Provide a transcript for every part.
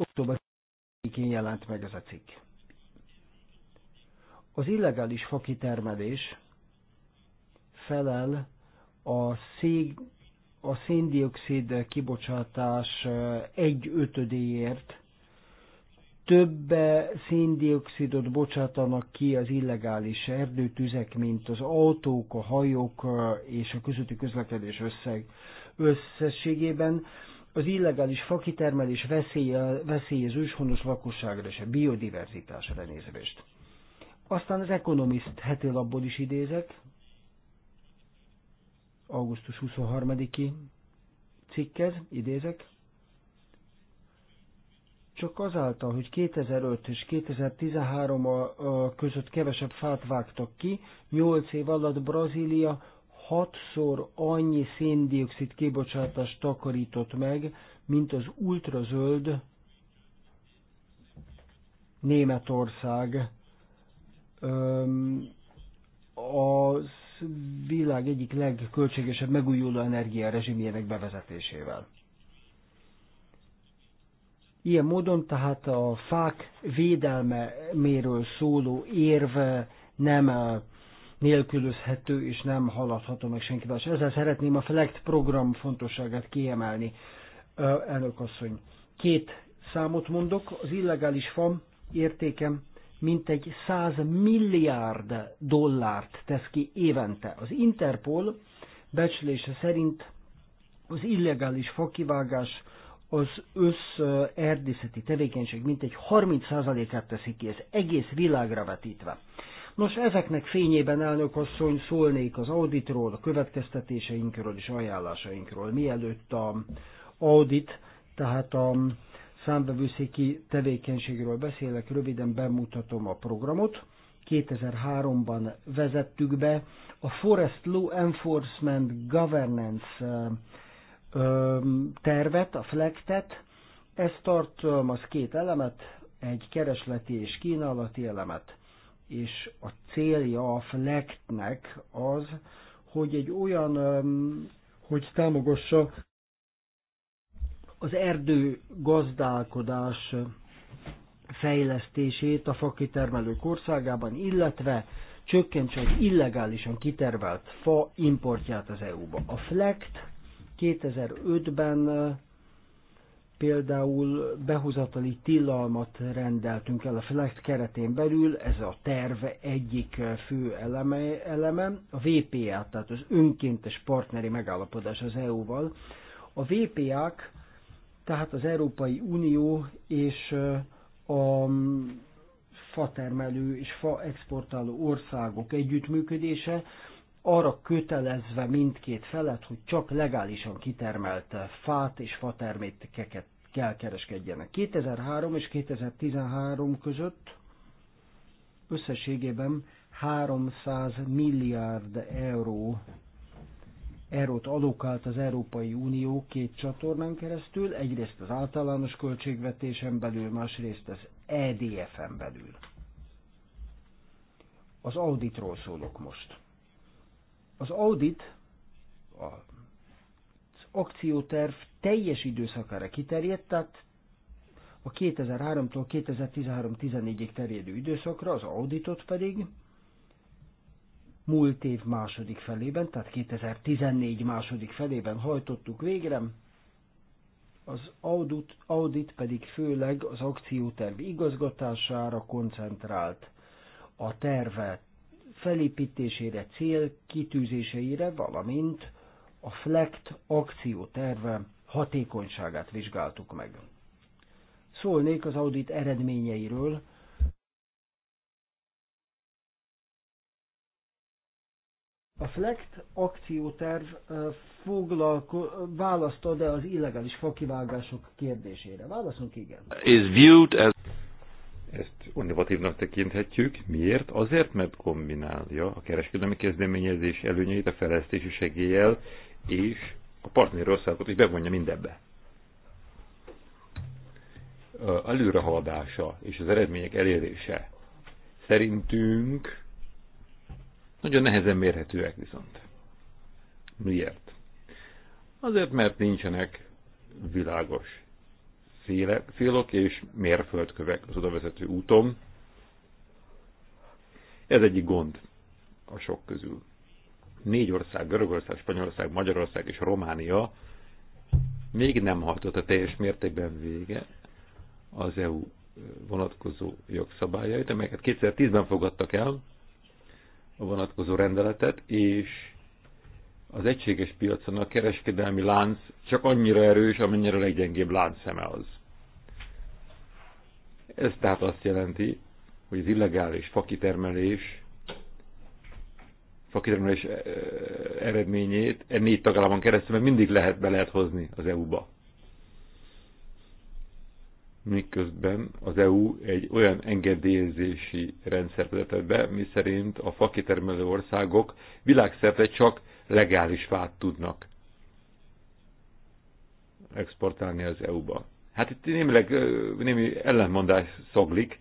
Október 4-én jelent meg ez a cikk. Az illegális fakitermelés felel a, szég, a széndiokszid kibocsátás egy ötödéért, több széndiokszidot bocsátanak ki az illegális erdőtüzek, mint az autók, a hajók és a közötti közlekedés összeg összességében az illegális fakitermelés veszélye, veszélye az őshonos lakosságra és a biodiverzitásra nézvést. Aztán az Economist heti labból is idézek, augusztus 23-i cikkez idézek, csak azáltal, hogy 2005 és 2013 között kevesebb fát vágtak ki, 8 év alatt Brazília hatszor annyi széndiokszid kibocsátást takarított meg, mint az ultrazöld Németország. A világ egyik legköltségesebb megújuló energia energiarezsimjének bevezetésével. Ilyen módon tehát a fák védelme méről szóló érve nem nélkülözhető és nem haladható meg senkivel. És ezzel szeretném a FLECT program fontosságát kiemelni, elnök asszony. Két számot mondok, az illegális FAM értékem mintegy 100 milliárd dollárt tesz ki évente. Az Interpol becslése szerint az illegális fakivágás az össz erdészeti tevékenység mintegy 30%-át teszi ki, ez egész világra vetítve. Nos, ezeknek fényében elnök asszony szólnék az auditról, a következtetéseinkről és ajánlásainkról, mielőtt a audit, tehát a számbevőszéki tevékenységről beszélek, röviden bemutatom a programot. 2003-ban vezettük be a Forest Law Enforcement Governance tervet, a FLECT-et. Ez tartalmaz két elemet, egy keresleti és kínálati elemet, és a célja a FNECT-nek az, hogy egy olyan, hogy támogassa az erdő gazdálkodás fejlesztését a fakitermelők országában, illetve csökkentse az illegálisan kitervelt fa importját az EU-ba. A FLECT 2005-ben például behozatali tilalmat rendeltünk el a FLECT keretén belül, ez a terv egyik fő eleme, eleme a VPA, tehát az önkéntes partneri megállapodás az EU-val. A VPA-k, tehát az Európai Unió és a mm, fatermelő és fa exportáló országok együttműködése, arra kötelezve mindkét felet, hogy csak legálisan kitermelt fát és fatermékeket kell kereskedjenek. 2003 és 2013 között összességében 300 milliárd euró erőt alokált az Európai Unió két csatornán keresztül, egyrészt az általános költségvetésen belül, másrészt az EDF-en belül. Az auditról szólok most. Az audit az akcióterv teljes időszakára kiterjedt, tehát a 2003-tól 2013-14-ig terjedő időszakra, az auditot pedig múlt év második felében, tehát 2014 második felében hajtottuk végre, az audit, audit pedig főleg az akcióterv igazgatására koncentrált, a tervet felépítésére, cél kitűzéseire, valamint a FLECT akcióterve hatékonyságát vizsgáltuk meg. Szólnék az audit eredményeiről, A FLECT akcióterv foglalko- választ ad-e az illegális fakivágások kérdésére? Válaszunk igen. Is viewed as... Ezt innovatívnak tekinthetjük. Miért? Azért, mert kombinálja a kereskedelmi kezdeményezés előnyeit a fejlesztési segéllyel, és a partnerországot is bevonja mindebbe. A előrehaladása és az eredmények elérése szerintünk nagyon nehezen mérhetőek viszont. Miért? Azért, mert nincsenek világos céle, célok és mérföldkövek az odavezető úton. Ez egyik gond a sok közül. Négy ország, Görögország, Spanyolország, Magyarország és Románia még nem hajtott a teljes mértékben vége az EU vonatkozó jogszabályait, amelyeket 2010-ben fogadtak el, a vonatkozó rendeletet, és az egységes piacon a kereskedelmi lánc csak annyira erős, amennyire a leggyengébb láncszeme az. Ez tehát azt jelenti, hogy az illegális fakitermelés, fakitermelés eh, eh, eredményét e négy tagállamon keresztül mert mindig lehet be lehet hozni az EU-ba. Miközben az EU egy olyan engedélyezési rendszer vezetett be, miszerint a fakitermelő országok világszerte csak legális fát tudnak exportálni az EU-ba. Hát itt némileg némi ellentmondás szaglik,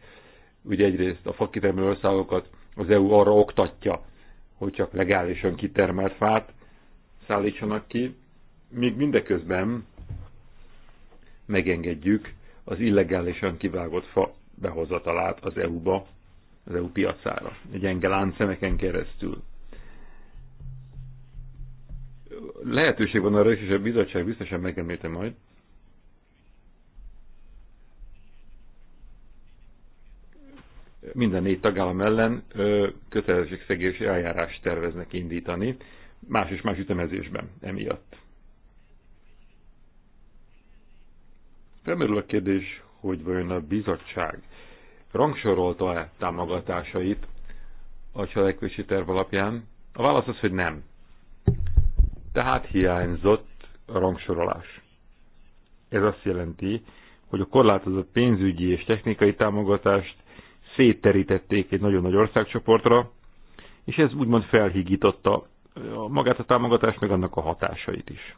ugye egyrészt a fakitermelő országokat az EU arra oktatja, hogy csak legálisan kitermelt fát szállítsanak ki, míg mindeközben megengedjük az illegálisan kivágott fa behozatalát az EU-ba, az EU piacára, egy gyenge láncszemeken keresztül. Lehetőség van arra is, és a bizottság biztosan megemlíti majd, minden négy tagállam ellen kötelezettségszegési eljárást terveznek indítani, más és más ütemezésben emiatt. Felmerül a kérdés, hogy vajon a bizottság rangsorolta-e támogatásait a cselekvési terv alapján? A válasz az, hogy nem. Tehát hiányzott a rangsorolás. Ez azt jelenti, hogy a korlátozott pénzügyi és technikai támogatást szétterítették egy nagyon nagy országcsoportra, és ez úgymond felhígította magát a támogatást, meg annak a hatásait is.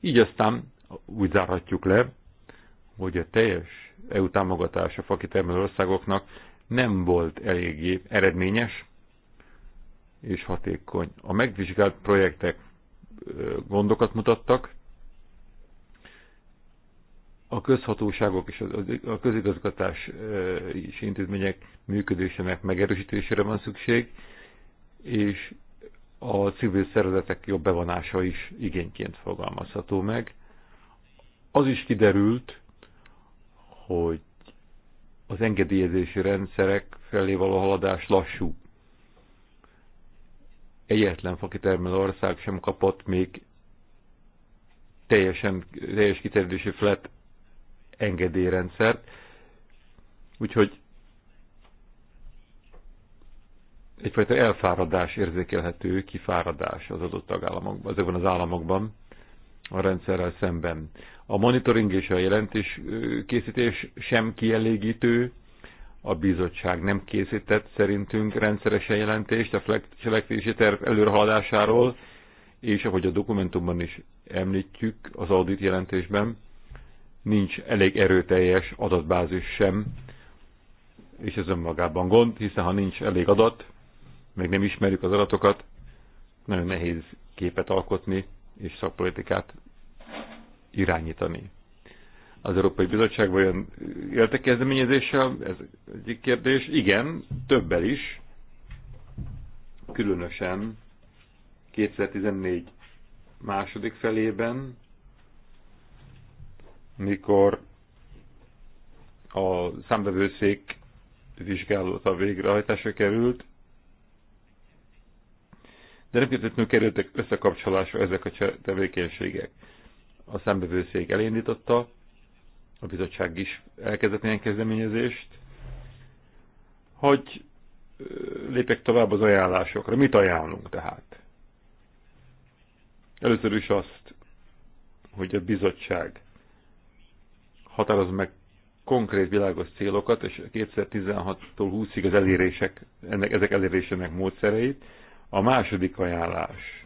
Így aztán úgy zárhatjuk le, hogy a teljes EU támogatás a fakitermelő országoknak nem volt eléggé eredményes és hatékony. A megvizsgált projektek gondokat mutattak, a közhatóságok és a közigazgatás és intézmények működésének megerősítésére van szükség, és a civil szervezetek jobb bevonása is igényként fogalmazható meg. Az is kiderült, hogy az engedélyezési rendszerek felé való haladás lassú. Egyetlen fakitermelő ország sem kapott még teljesen, teljes kiterjedési flat engedélyrendszert. Úgyhogy egyfajta elfáradás érzékelhető, kifáradás az adott tagállamokban, ezekben az államokban a rendszerrel szemben. A monitoring és a jelentés készítés sem kielégítő, a bizottság nem készített szerintünk rendszeresen jelentést a cselekvési terv előrehaladásáról, és ahogy a dokumentumban is említjük az audit jelentésben, nincs elég erőteljes adatbázis sem, és ez önmagában gond, hiszen ha nincs elég adat, meg nem ismerjük az adatokat, nagyon nehéz képet alkotni és szakpolitikát irányítani. Az Európai Bizottság vajon élte kezdeményezéssel? Ez egyik kérdés. Igen, többel is. Különösen 2014 második felében mikor a számbevőszék vizsgálata végrehajtásra került, de nem közvetlenül kerültek összekapcsolásra ezek a tevékenységek. A számbevőszék elindította, a bizottság is elkezdett ilyen kezdeményezést, hogy lépek tovább az ajánlásokra. Mit ajánlunk tehát? Először is azt, hogy a bizottság határoz meg konkrét világos célokat, és 2016-tól 20-ig az elérések, ennek, ezek elérésének módszereit. A második ajánlás.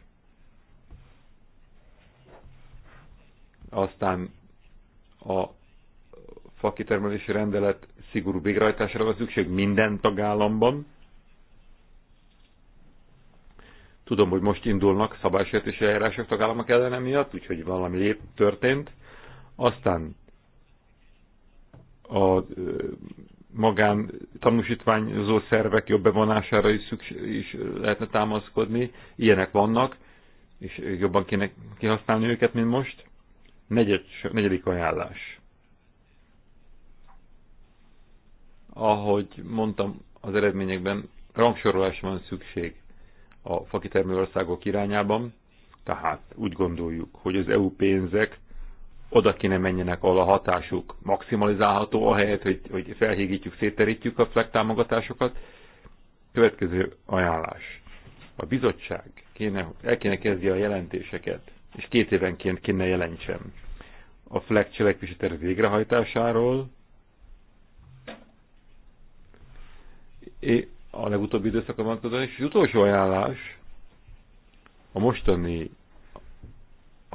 Aztán a fakitermelési rendelet szigorú végrehajtására van szükség minden tagállamban. Tudom, hogy most indulnak szabálysértési eljárások tagállamok ellene miatt, úgyhogy valami lép történt. Aztán a magán tanúsítványozó szervek jobb bevonására is, szükség, is lehetne támaszkodni. Ilyenek vannak, és jobban kéne kihasználni őket, mint most. Negyed, negyedik ajánlás. Ahogy mondtam az eredményekben, rangsorolás van szükség a fakitermő országok irányában, tehát úgy gondoljuk, hogy az EU pénzek oda kéne menjenek, ahol a hatásuk maximalizálható, ahelyett, hogy, hogy felhígítjük, széterítjük a FLEG támogatásokat. Következő ajánlás. A bizottság kéne, el kéne kezdje a jelentéseket, és két évenként kéne jelentsem a FLEG cselekvési terv végrehajtásáról, a legutóbbi időszakban vonatkozóan, és az utolsó ajánlás, a mostani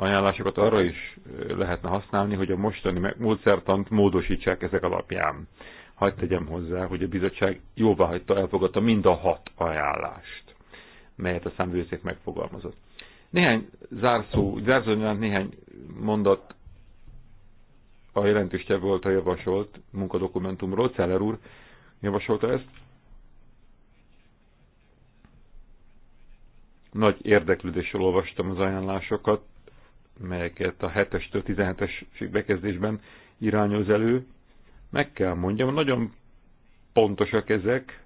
ajánlásokat arra is lehetne használni, hogy a mostani módszertant módosítsák ezek alapján. Hagy tegyem hozzá, hogy a bizottság jóvá hagyta, elfogadta mind a hat ajánlást, melyet a számvőszék megfogalmazott. Néhány zárszó, zárszó néhány mondat a jelentéstevő volt a javasolt munkadokumentumról, Celler úr javasolta ezt. Nagy érdeklődéssel olvastam az ajánlásokat, melyeket a 7-estől 17-es bekezdésben irányoz elő. Meg kell mondjam, nagyon pontosak ezek.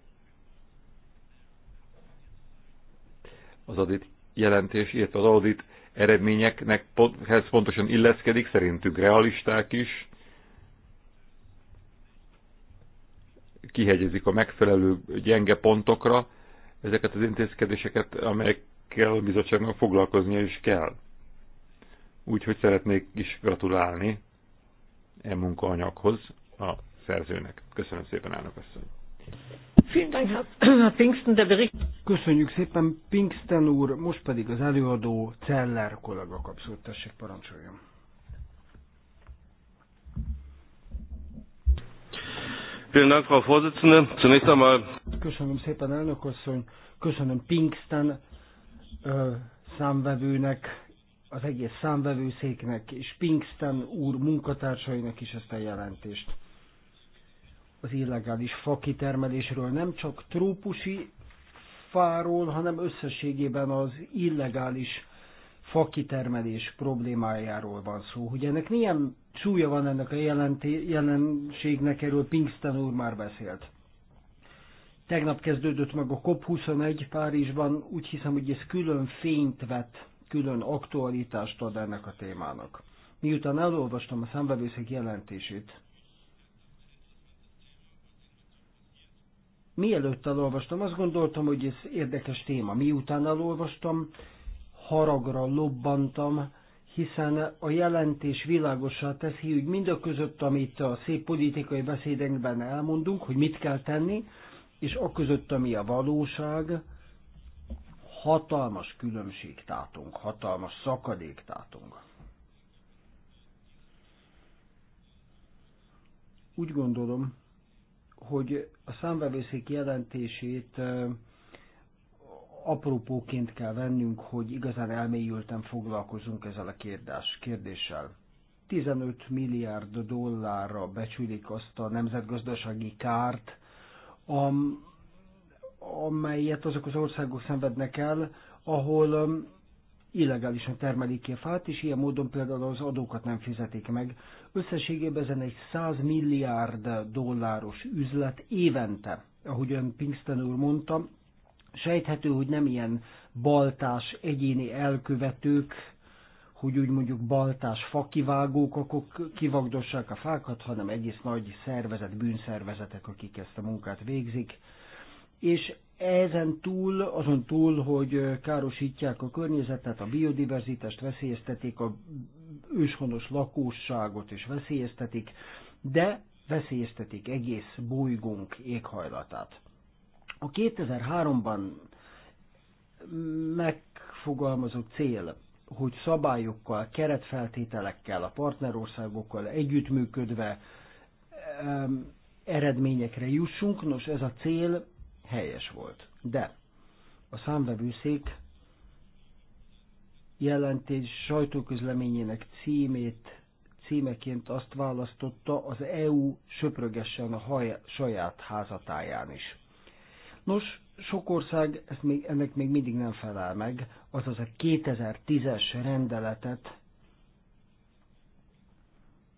Az adit jelentés, illetve az audit eredményeknek ez pontosan illeszkedik, szerintük realisták is. Kihegyezik a megfelelő gyenge pontokra ezeket az intézkedéseket, amelyekkel a bizottságnak foglalkoznia is kell. Úgyhogy szeretnék is gratulálni e munkaanyaghoz a szerzőnek. Köszönöm szépen, elnök asszony! Köszönjük szépen, Pinkston úr, most pedig az előadó Celler kollega kapcsolat, tessék parancsoljon. Köszönöm szépen, elnök asszony. Köszönöm Pinkston számvevőnek az egész számvevőszéknek és Pinkston úr munkatársainak is ezt a jelentést. Az illegális fakitermelésről nem csak trópusi fáról, hanem összességében az illegális fakitermelés problémájáról van szó. Hogy ennek milyen súlya van ennek a jelenti, jelenségnek, erről Pinkston úr már beszélt. Tegnap kezdődött meg a COP21 Párizsban, úgy hiszem, hogy ez külön fényt vett külön aktualitást ad ennek a témának. Miután elolvastam a szembevészek jelentését, mielőtt elolvastam, azt gondoltam, hogy ez érdekes téma. Miután elolvastam, haragra lobbantam, hiszen a jelentés világosá teszi, hogy mindaközött, amit a szép politikai beszédekben elmondunk, hogy mit kell tenni, és a között ami a valóság, hatalmas különbség tátunk, hatalmas szakadék tátunk. Úgy gondolom, hogy a számvevőszék jelentését apropóként kell vennünk, hogy igazán elmélyülten foglalkozunk ezzel a kérdés, kérdéssel. 15 milliárd dollárra becsülik azt a nemzetgazdasági kárt, am, amelyet azok az országok szenvednek el, ahol um, illegálisan termelik ki a fát, és ilyen módon például az adókat nem fizetik meg. Összességében ezen egy 100 milliárd dolláros üzlet évente, ahogy ön Pinkston úr mondta, sejthető, hogy nem ilyen baltás egyéni elkövetők, hogy úgy mondjuk baltás fakivágók, akik kivagdossák a fákat, hanem egész nagy szervezet, bűnszervezetek, akik ezt a munkát végzik és ezen túl, azon túl, hogy károsítják a környezetet, a biodiverzitást veszélyeztetik, a őshonos lakosságot is veszélyeztetik, de veszélyeztetik egész bolygónk éghajlatát. A 2003-ban megfogalmazott cél, hogy szabályokkal, keretfeltételekkel, a partnerországokkal együttműködve ehm, eredményekre jussunk. Nos, ez a cél helyes volt. De a számvevőszék jelentés sajtóközleményének címét címeként azt választotta, az EU söprögessen a haj, saját házatáján is. Nos, sok ország ezt még, ennek még mindig nem felel meg, azaz a 2010-es rendeletet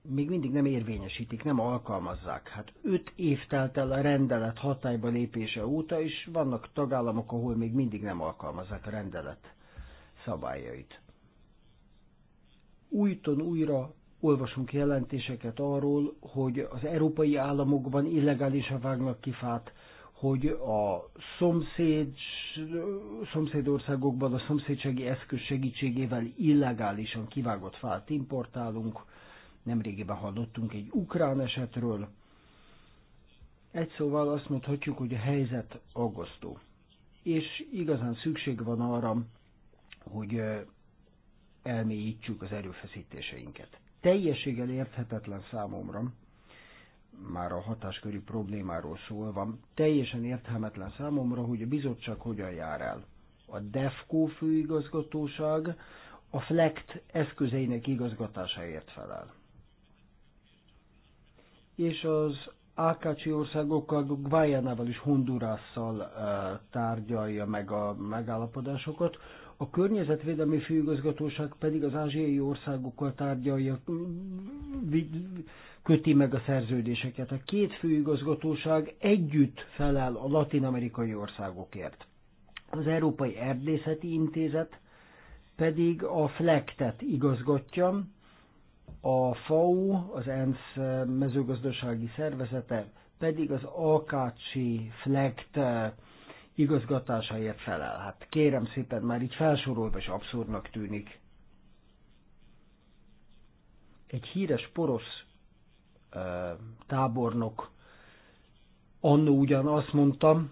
még mindig nem érvényesítik, nem alkalmazzák. Hát öt év telt el a rendelet hatályba lépése óta, és vannak tagállamok, ahol még mindig nem alkalmazzák a rendelet szabályait. Újton újra olvasunk jelentéseket arról, hogy az európai államokban illegálisan vágnak ki fát, hogy a szomszéd, szomszédországokban a szomszédsági eszköz segítségével illegálisan kivágott fát importálunk, Nemrégiben hallottunk egy ukrán esetről. Egy szóval azt mondhatjuk, hogy a helyzet aggasztó. És igazán szükség van arra, hogy elmélyítsük az erőfeszítéseinket. Teljességgel érthetetlen számomra, már a hatásköri problémáról szólva, teljesen érthetetlen számomra, hogy a bizottság hogyan jár el. A DEFCO főigazgatóság a FLECT eszközeinek igazgatásáért felel és az Ákácsi országokkal, Guyanával és Hondurásszal eh, tárgyalja meg a megállapodásokat. A környezetvédelmi főigazgatóság pedig az ázsiai országokkal tárgyalja, köti meg a szerződéseket. A két főigazgatóság együtt felel a latin-amerikai országokért. Az Európai Erdészeti Intézet pedig a FLECT-et igazgatja, a FAO, az ENSZ mezőgazdasági szervezete, pedig az Alkácsi Flekt eh, igazgatásáért felel. Hát kérem szépen, már így felsorolva is abszurdnak tűnik. Egy híres porosz eh, tábornok annó ugyan azt mondtam,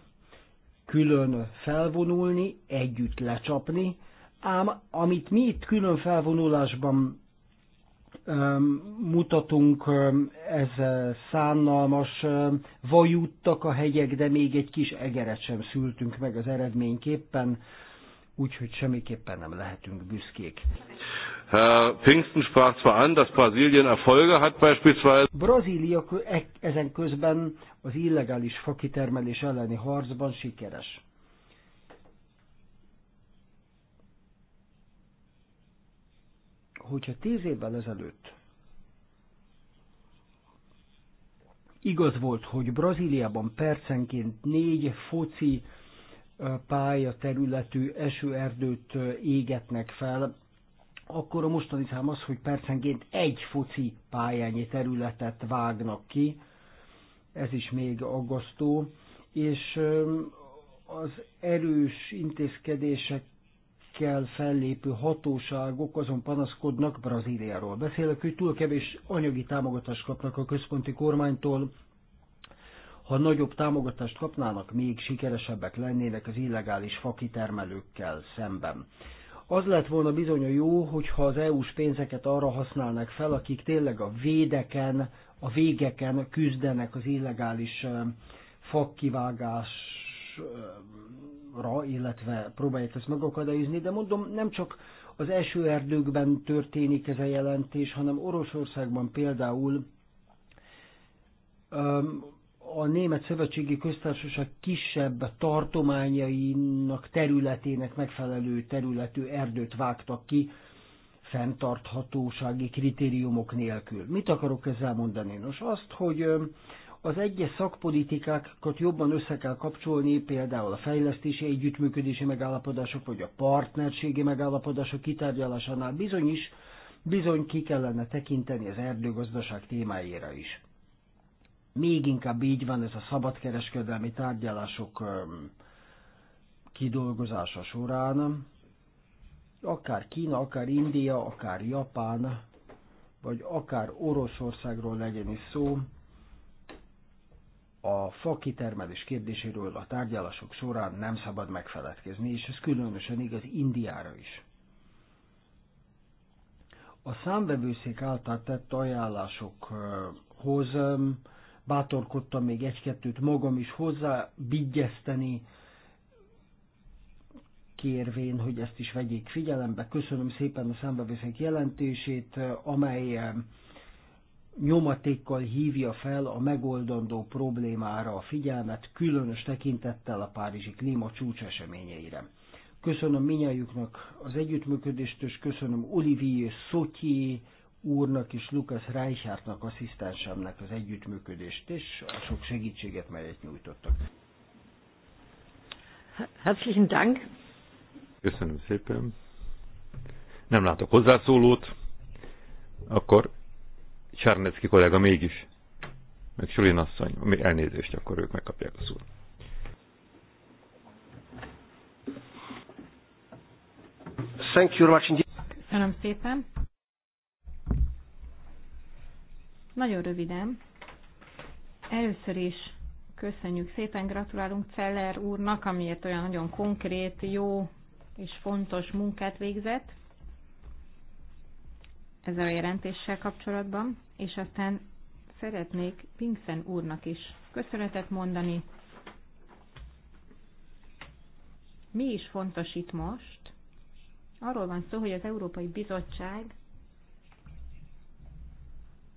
külön felvonulni, együtt lecsapni, ám amit mi itt külön felvonulásban mutatunk, ez szánalmas vajuttak a hegyek, de még egy kis egeret sem szültünk meg az eredményképpen, úgyhogy semmiképpen nem lehetünk büszkék. Herr Pfingsten sprach zwar an, dass Brasilien Erfolge hat beispielsweise. Brasilia e- ezen közben az illegális fakitermelés elleni harcban sikeres. hogyha tíz évvel ezelőtt igaz volt, hogy Brazíliában percenként négy foci pálya területű esőerdőt égetnek fel, akkor a mostani szám az, hogy percenként egy foci pályányi területet vágnak ki, ez is még aggasztó, és az erős intézkedések kell fellépő hatóságok azon panaszkodnak, Brazíliáról beszélek, hogy túl kevés anyagi támogatást kapnak a központi kormánytól, ha nagyobb támogatást kapnának, még sikeresebbek lennének az illegális fakitermelőkkel szemben. Az lett volna bizony a jó, hogyha az EU-s pénzeket arra használnák fel, akik tényleg a védeken, a végeken küzdenek az illegális fakkivágás ra, illetve próbálják ezt megakadályozni, de mondom, nem csak az első erdőkben történik ez a jelentés, hanem Oroszországban például a Német Szövetségi Köztársaság kisebb tartományainak területének megfelelő területű erdőt vágtak ki, fenntarthatósági kritériumok nélkül. Mit akarok ezzel mondani? Nos, azt, hogy az egyes szakpolitikákat jobban össze kell kapcsolni, például a fejlesztési együttműködési megállapodások vagy a partnerségi megállapodások kitárgyalásánál bizony is, bizony ki kellene tekinteni az erdőgazdaság témáira is. Még inkább így van ez a szabadkereskedelmi tárgyalások kidolgozása során. Akár Kína, akár India, akár Japán, vagy akár Oroszországról legyen is szó, a kitermelés kérdéséről a tárgyalások során nem szabad megfeledkezni, és ez különösen igaz Indiára is. A számvevőszék által tett ajánlásokhoz bátorkodtam még egy-kettőt magam is hozzá bigyeszteni, kérvén, hogy ezt is vegyék figyelembe. Köszönöm szépen a számbevőszék jelentését, amely nyomatékkal hívja fel a megoldandó problémára a figyelmet, különös tekintettel a Párizsi Klíma csúcs eseményeire. Köszönöm minnyájuknak az együttműködést, és köszönöm Olivier Szotyi úrnak és Lukasz Reichertnak asszisztensemnek az együttműködést, és a sok segítséget, melyet nyújtottak. Herzlichen Dank! Köszönöm szépen! Nem látok hozzászólót, akkor Csárnecki kollega mégis. Meg Sulin asszony. Elnézést, akkor ők megkapják a szót. Thank you very much. Köszönöm szépen. Nagyon röviden. Először is köszönjük szépen, gratulálunk Celler úrnak, amiért olyan nagyon konkrét, jó és fontos munkát végzett ezzel a jelentéssel kapcsolatban és aztán szeretnék Pinkszen úrnak is köszönetet mondani. Mi is fontos itt most? Arról van szó, hogy az Európai Bizottság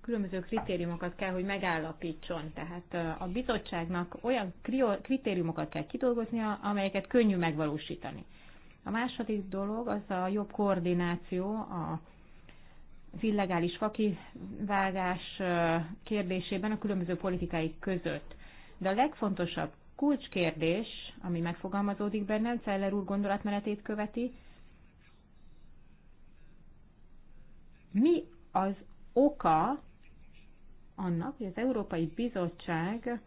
különböző kritériumokat kell, hogy megállapítson. Tehát a bizottságnak olyan kritériumokat kell kidolgoznia, amelyeket könnyű megvalósítani. A második dolog az a jobb koordináció a az illegális fakivágás kérdésében a különböző politikáik között. De a legfontosabb kulcskérdés, ami megfogalmazódik benne, Celler úr gondolatmenetét követi, mi az oka annak, hogy az Európai Bizottság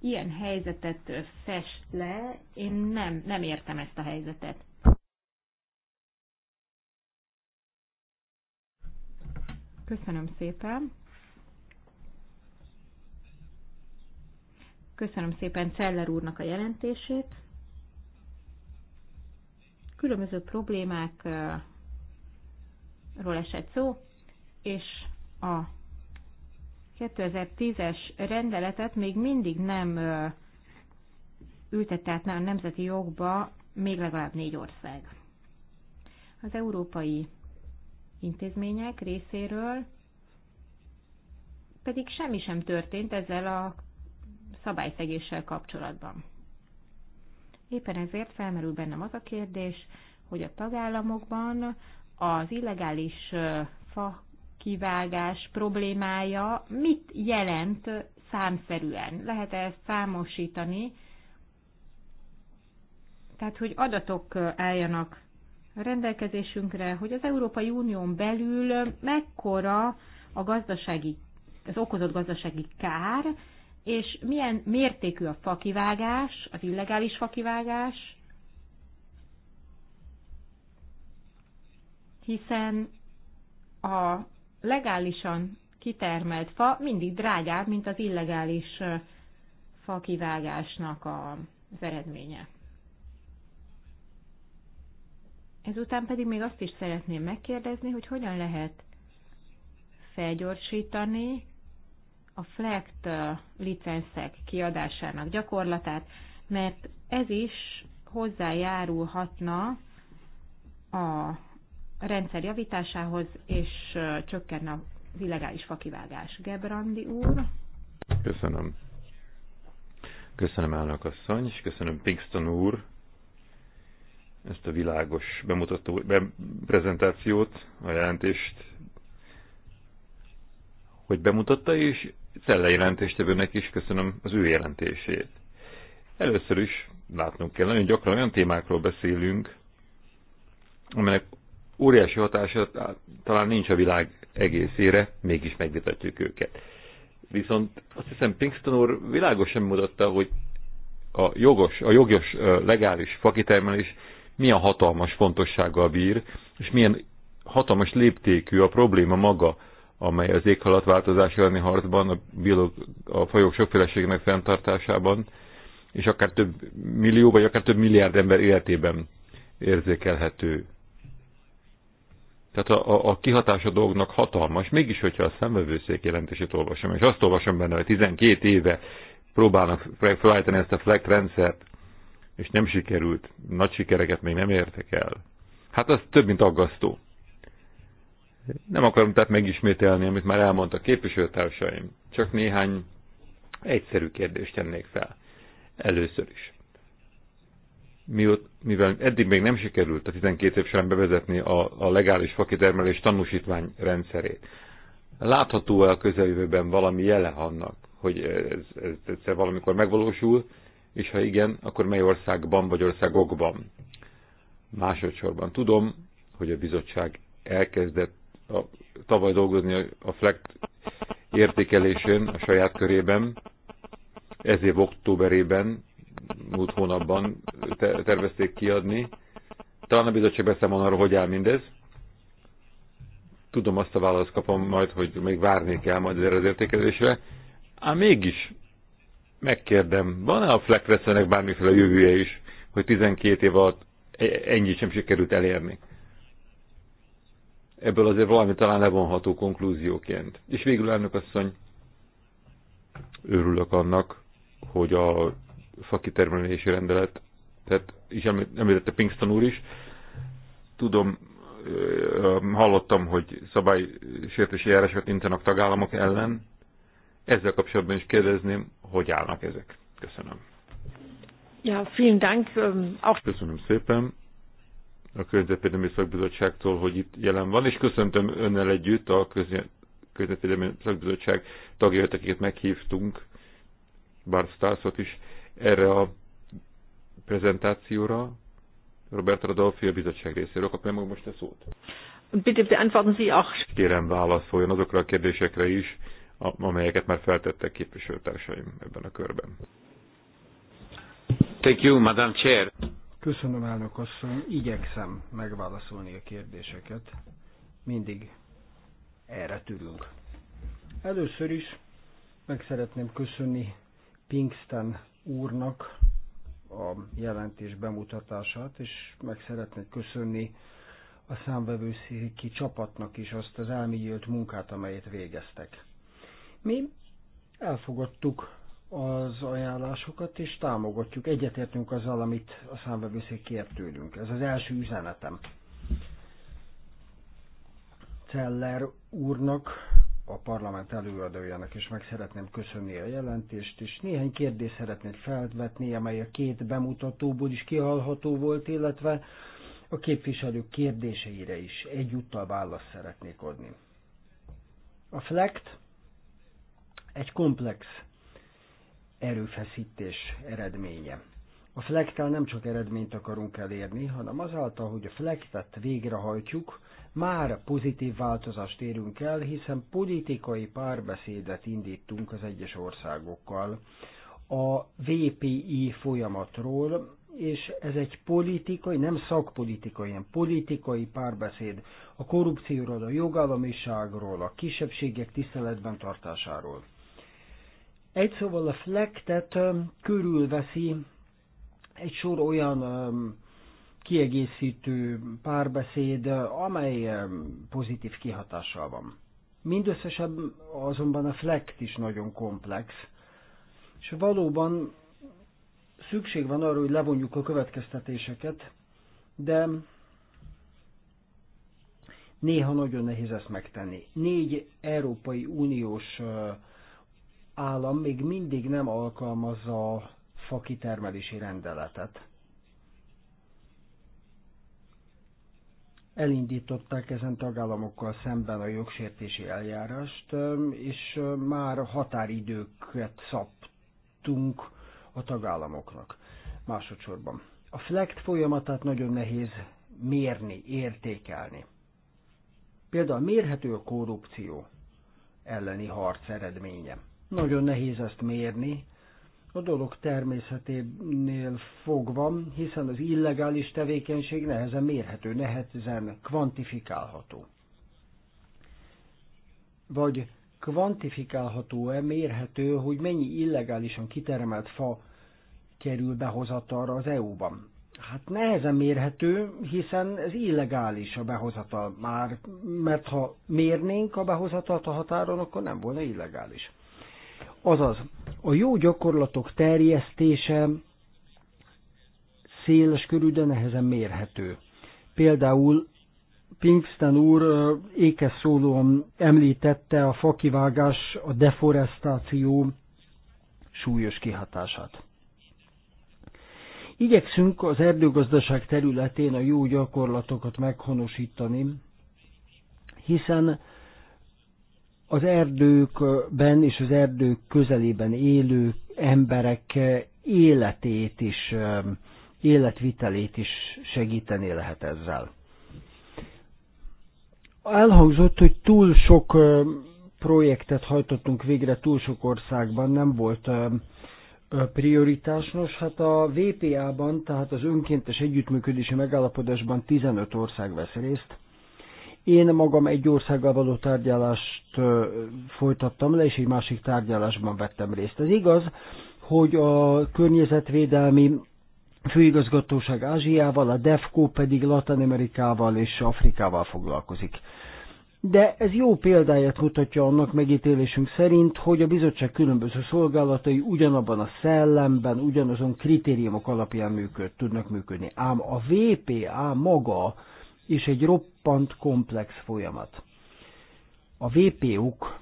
ilyen helyzetet fest le, én nem, nem értem ezt a helyzetet. Köszönöm szépen. Köszönöm szépen Celler úrnak a jelentését. Különböző problémákról esett szó, és a 2010-es rendeletet még mindig nem ültette át a nemzeti jogba még legalább négy ország. Az európai intézmények részéről, pedig semmi sem történt ezzel a szabályszegéssel kapcsolatban. Éppen ezért felmerül bennem az a kérdés, hogy a tagállamokban az illegális fa kivágás problémája mit jelent számszerűen? Lehet-e ezt számosítani? Tehát, hogy adatok álljanak rendelkezésünkre, hogy az Európai Unión belül mekkora a gazdasági, az okozott gazdasági kár, és milyen mértékű a fakivágás, az illegális fakivágás, hiszen a legálisan kitermelt fa mindig drágább, mint az illegális fakivágásnak az eredménye. Ezután pedig még azt is szeretném megkérdezni, hogy hogyan lehet felgyorsítani a FLECT uh, licenszek kiadásának gyakorlatát, mert ez is hozzájárulhatna a rendszer javításához, és uh, csökkenne az illegális fakivágás. Gebrandi úr. Köszönöm. Köszönöm, Állnak asszony, és köszönöm Pinkston úr ezt a világos bemutató be, prezentációt, a jelentést, hogy bemutatta, és Szelle jelentéstevőnek is köszönöm az ő jelentését. Először is látnunk kell, nagyon gyakran olyan témákról beszélünk, amelyek óriási hatása talán nincs a világ egészére, mégis megvitatjuk őket. Viszont azt hiszem Pinkston úr világosan mutatta, hogy a jogos, a jogos legális fakitermelés milyen hatalmas fontossággal bír, és milyen hatalmas léptékű a probléma maga, amely az éghalatváltozás elleni harcban, a, biolog, a fajok sokféleségének fenntartásában, és akár több millió, vagy akár több milliárd ember életében érzékelhető. Tehát a, a, a kihatása dolgnak hatalmas, mégis, hogyha a szemvevőszék jelentését olvasom, és azt olvasom benne, hogy 12 éve próbálnak felállítani ezt a FLECT rendszert, és nem sikerült, nagy sikereket még nem értek el. Hát az több, mint aggasztó. Nem akarom tehát megismételni, amit már elmondta képviselőtársaim. Csak néhány egyszerű kérdést tennék fel. Először is. Mivel eddig még nem sikerült a 12 év során bevezetni a, a legális fakitermelés tanúsítvány rendszerét, látható-e a közeljövőben valami jele annak, hogy ez, ez egyszer valamikor megvalósul, és ha igen, akkor mely országban vagy országokban? Másodszorban tudom, hogy a bizottság elkezdett a, tavaly dolgozni a FLECT értékelésén a saját körében, ez év októberében, múlt hónapban tervezték kiadni. Talán a bizottság beszámol arról, hogy áll mindez. Tudom, azt a választ kapom majd, hogy még várni kell majd erre az értékelésre. Ám mégis megkérdem, van-e a Fleck bármiféle jövője is, hogy 12 év alatt e- ennyit sem sikerült elérni? Ebből azért valami talán levonható konklúzióként. És végül elnök asszony, örülök annak, hogy a fakitermelési rendelet, tehát is említette Pinkston úr is, tudom, hallottam, hogy szabálysértési járásokat intenak tagállamok ellen, ezzel kapcsolatban is kérdezném, hogy állnak ezek. Köszönöm. Ja, vielen Dank. Ähm, auch Köszönöm szépen a Környezetvédelmi Szakbizottságtól, hogy itt jelen van, és köszöntöm önnel együtt a Környezetvédelmi Szakbizottság tagjait, akiket meghívtunk, Bart Starsot is, erre a prezentációra. Robert Radolfi a bizottság részéről kapja meg most a szót. Bitte beantworten Sie auch. Kérem válaszoljon azokra a kérdésekre is, amelyeket már feltettek képviselőtársaim ebben a körben. Thank you, Madam Chair. Köszönöm, elnök asszony. Igyekszem megválaszolni a kérdéseket. Mindig erre tűrünk. Először is meg szeretném köszönni Pinkston úrnak a jelentés bemutatását, és meg szeretném köszönni a számvevőszéki csapatnak is azt az elmélyült munkát, amelyet végeztek. Mi elfogadtuk az ajánlásokat, és támogatjuk, egyetértünk azzal, amit a számbevőszék kért tőlünk. Ez az első üzenetem. Teller úrnak, a parlament előadójának is meg szeretném köszönni a jelentést, és néhány kérdést szeretnék felvetni, amely a két bemutatóból is kihallható volt, illetve a képviselők kérdéseire is egyúttal választ szeretnék adni. A FLECT egy komplex erőfeszítés eredménye. A flektel nem csak eredményt akarunk elérni, hanem azáltal, hogy a flektet végrehajtjuk, már pozitív változást érünk el, hiszen politikai párbeszédet indítunk az egyes országokkal a VPI folyamatról, és ez egy politikai, nem szakpolitikai, hanem politikai párbeszéd a korrupcióról, a jogállamiságról, a kisebbségek tiszteletben tartásáról. Egy szóval a flektet körülveszi egy sor olyan kiegészítő párbeszéd, amely pozitív kihatással van. Mindösszesen azonban a flekt is nagyon komplex, és valóban szükség van arra, hogy levonjuk a következtetéseket, de néha nagyon nehéz ezt megtenni. Négy Európai Uniós állam még mindig nem alkalmazza a fakitermelési rendeletet. elindították ezen tagállamokkal szemben a jogsértési eljárást, és már határidőket szabtunk a tagállamoknak. Másodszorban. A FLECT folyamatát nagyon nehéz mérni, értékelni. Például mérhető a korrupció elleni harc eredménye. Nagyon nehéz ezt mérni. A dolog természeténél fogva, hiszen az illegális tevékenység nehezen mérhető, nehezen kvantifikálható. Vagy kvantifikálható-e, mérhető, hogy mennyi illegálisan kitermelt fa kerül behozatalra az EU-ban? Hát nehezen mérhető, hiszen ez illegális a behozatal már, mert ha mérnénk a behozatalt a határon, akkor nem volna illegális. Azaz, a jó gyakorlatok terjesztése széles körű, de nehezen mérhető. Például Pinkston úr ékes szólóan említette a fakivágás, a deforestáció súlyos kihatását. Igyekszünk az erdőgazdaság területén a jó gyakorlatokat meghonosítani, hiszen az erdőkben és az erdők közelében élő emberek életét is, életvitelét is segíteni lehet ezzel. Elhangzott, hogy túl sok projektet hajtottunk végre túl sok országban, nem volt prioritás. Nos, hát a VPA-ban, tehát az önkéntes együttműködési megállapodásban 15 ország vesz részt, én magam egy országgal való tárgyalást folytattam le, és egy másik tárgyalásban vettem részt. Ez igaz, hogy a környezetvédelmi főigazgatóság Ázsiával, a DEFCO pedig Latin Amerikával és Afrikával foglalkozik. De ez jó példáját mutatja annak megítélésünk szerint, hogy a bizottság különböző szolgálatai ugyanabban a szellemben, ugyanazon kritériumok alapján működ, tudnak működni. Ám a VPA maga és egy roppant komplex folyamat. A VPU-k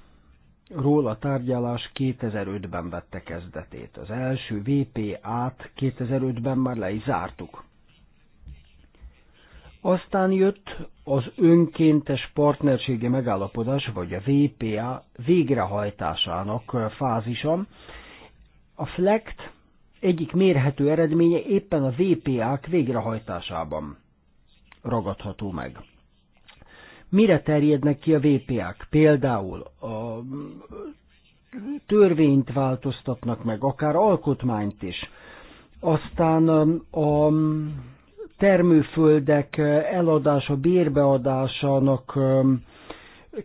ról a tárgyalás 2005-ben vette kezdetét. Az első VPA-t 2005-ben már le is zártuk. Aztán jött az önkéntes partnerségi megállapodás, vagy a VPA végrehajtásának fázisa. A FLECT egyik mérhető eredménye éppen a VPA-k végrehajtásában ragadható meg. Mire terjednek ki a VPA-k? Például a törvényt változtatnak meg, akár alkotmányt is. Aztán um, a termőföldek eladása, bérbeadásának um,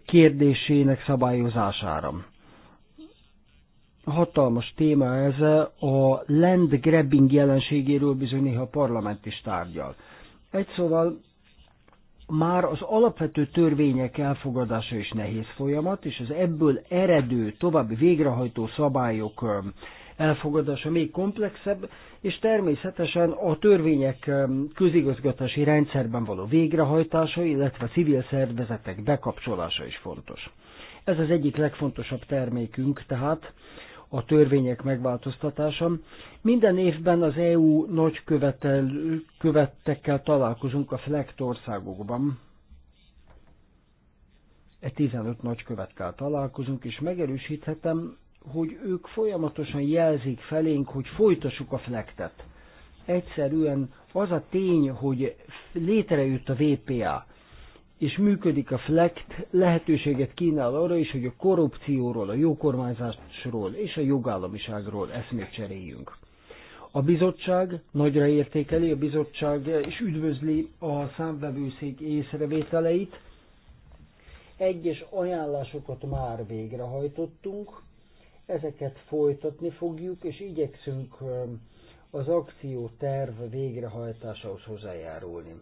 kérdésének szabályozására. Hatalmas téma ez, a land grabbing jelenségéről bizony néha a parlament is tárgyal. Egy szóval már az alapvető törvények elfogadása is nehéz folyamat, és az ebből eredő további végrehajtó szabályok um, elfogadása még komplexebb, és természetesen a törvények um, közigazgatási rendszerben való végrehajtása, illetve civil szervezetek bekapcsolása is fontos. Ez az egyik legfontosabb termékünk, tehát a törvények megváltoztatása. Minden évben az EU nagy követel, követtekkel találkozunk a FLECT országokban. E 15 követkel találkozunk, és megerősíthetem, hogy ők folyamatosan jelzik felénk, hogy folytassuk a flektet. Egyszerűen az a tény, hogy létrejött a VPA, és működik a FLECT, lehetőséget kínál arra is, hogy a korrupcióról, a jókormányzásról és a jogállamiságról eszmét cseréljünk. A bizottság nagyra értékeli, a bizottság és üdvözli a számvevőszék észrevételeit. Egyes ajánlásokat már végrehajtottunk, ezeket folytatni fogjuk, és igyekszünk az akcióterv végrehajtásához hozzájárulni.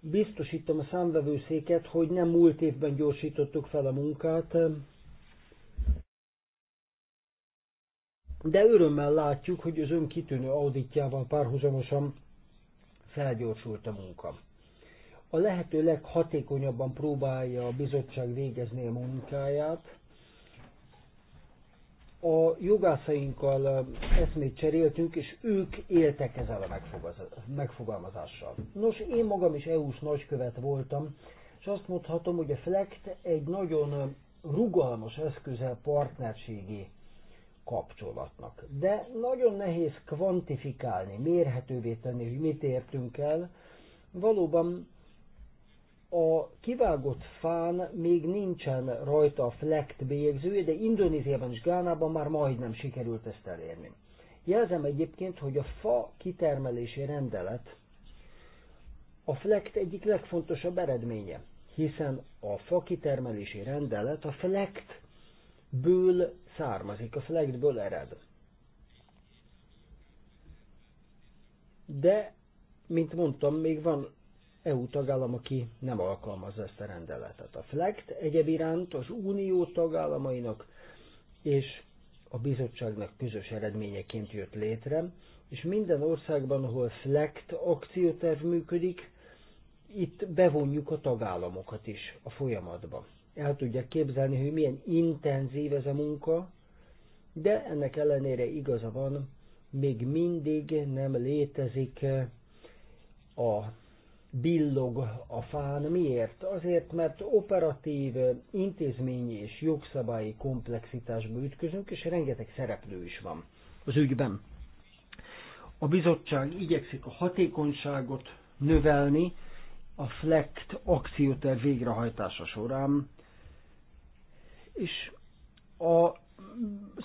Biztosítom a számvevőszéket, hogy nem múlt évben gyorsítottuk fel a munkát, de örömmel látjuk, hogy az ön kitűnő auditjával párhuzamosan felgyorsult a munka. A lehető leghatékonyabban próbálja a bizottság végezni a munkáját, a jogászainkkal eszmét cseréltünk, és ők éltek ezzel a megfogalmazással. Nos, én magam is EU-s nagykövet voltam, és azt mondhatom, hogy a FLECT egy nagyon rugalmas eszközel partnerségi kapcsolatnak. De nagyon nehéz kvantifikálni, mérhetővé tenni, hogy mit értünk el. Valóban a kivágott fán még nincsen rajta a flekt bélyegzője, de Indonéziában és Gánában már majdnem sikerült ezt elérni. Jelzem egyébként, hogy a fa kitermelési rendelet a flekt egyik legfontosabb eredménye, hiszen a fa kitermelési rendelet a flektből származik, a flektből ered. De, mint mondtam, még van EU tagállam, aki nem alkalmazza ezt a rendeletet. A FLECT egyebiránt az Unió tagállamainak és a bizottságnak közös eredményeként jött létre, és minden országban, ahol FLECT akcióterv működik, itt bevonjuk a tagállamokat is a folyamatba. El tudják képzelni, hogy milyen intenzív ez a munka, de ennek ellenére igaza van, még mindig nem létezik eh, a billog a fán. Miért? Azért, mert operatív, intézményi és jogszabályi komplexitásba ütközünk, és rengeteg szereplő is van az ügyben. A bizottság igyekszik a hatékonyságot növelni a FLECT akcióterv végrehajtása során, és a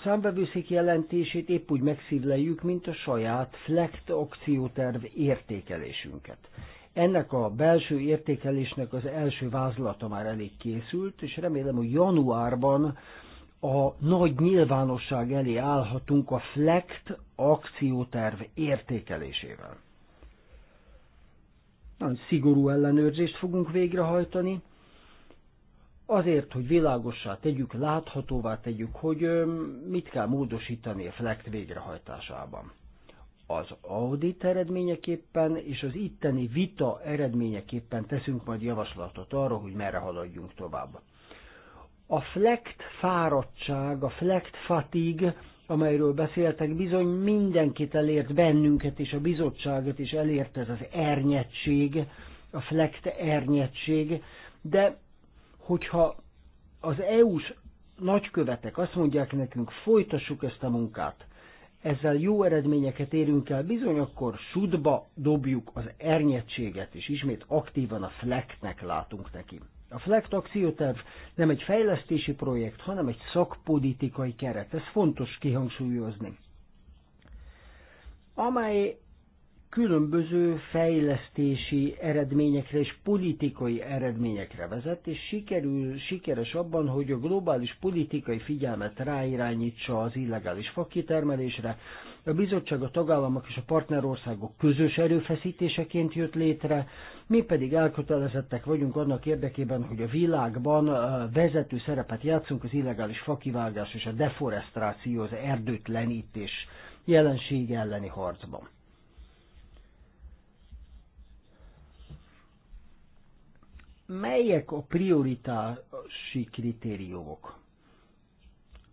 számbevőszék jelentését épp úgy megszívleljük, mint a saját FLECT akcióterv értékelésünket. Ennek a belső értékelésnek az első vázlata már elég készült, és remélem, hogy januárban a nagy nyilvánosság elé állhatunk a FLECT akcióterv értékelésével. Nagyon szigorú ellenőrzést fogunk végrehajtani, azért, hogy világossá tegyük, láthatóvá tegyük, hogy mit kell módosítani a FLECT végrehajtásában az audit eredményeképpen és az itteni vita eredményeképpen teszünk majd javaslatot arra, hogy merre haladjunk tovább. A flekt fáradtság, a flekt fatig, amelyről beszéltek, bizony mindenkit elért bennünket és a bizottságot is elért ez az ernyettség, a flekt ernyettség, de hogyha az EU-s nagykövetek azt mondják nekünk, folytassuk ezt a munkát, ezzel jó eredményeket érünk el, bizony akkor sudba dobjuk az ernyedtséget, és ismét aktívan a fleknek látunk neki. A FLECT akcióterv nem egy fejlesztési projekt, hanem egy szakpolitikai keret. Ez fontos kihangsúlyozni amely különböző fejlesztési eredményekre és politikai eredményekre vezet, és sikerül, sikeres abban, hogy a globális politikai figyelmet ráirányítsa az illegális fakitermelésre. A bizottság a tagállamok és a partnerországok közös erőfeszítéseként jött létre, mi pedig elkötelezettek vagyunk annak érdekében, hogy a világban vezető szerepet játszunk az illegális fakivágás és a deforestráció, az erdőtlenítés jelensége elleni harcban. melyek a prioritási kritériumok?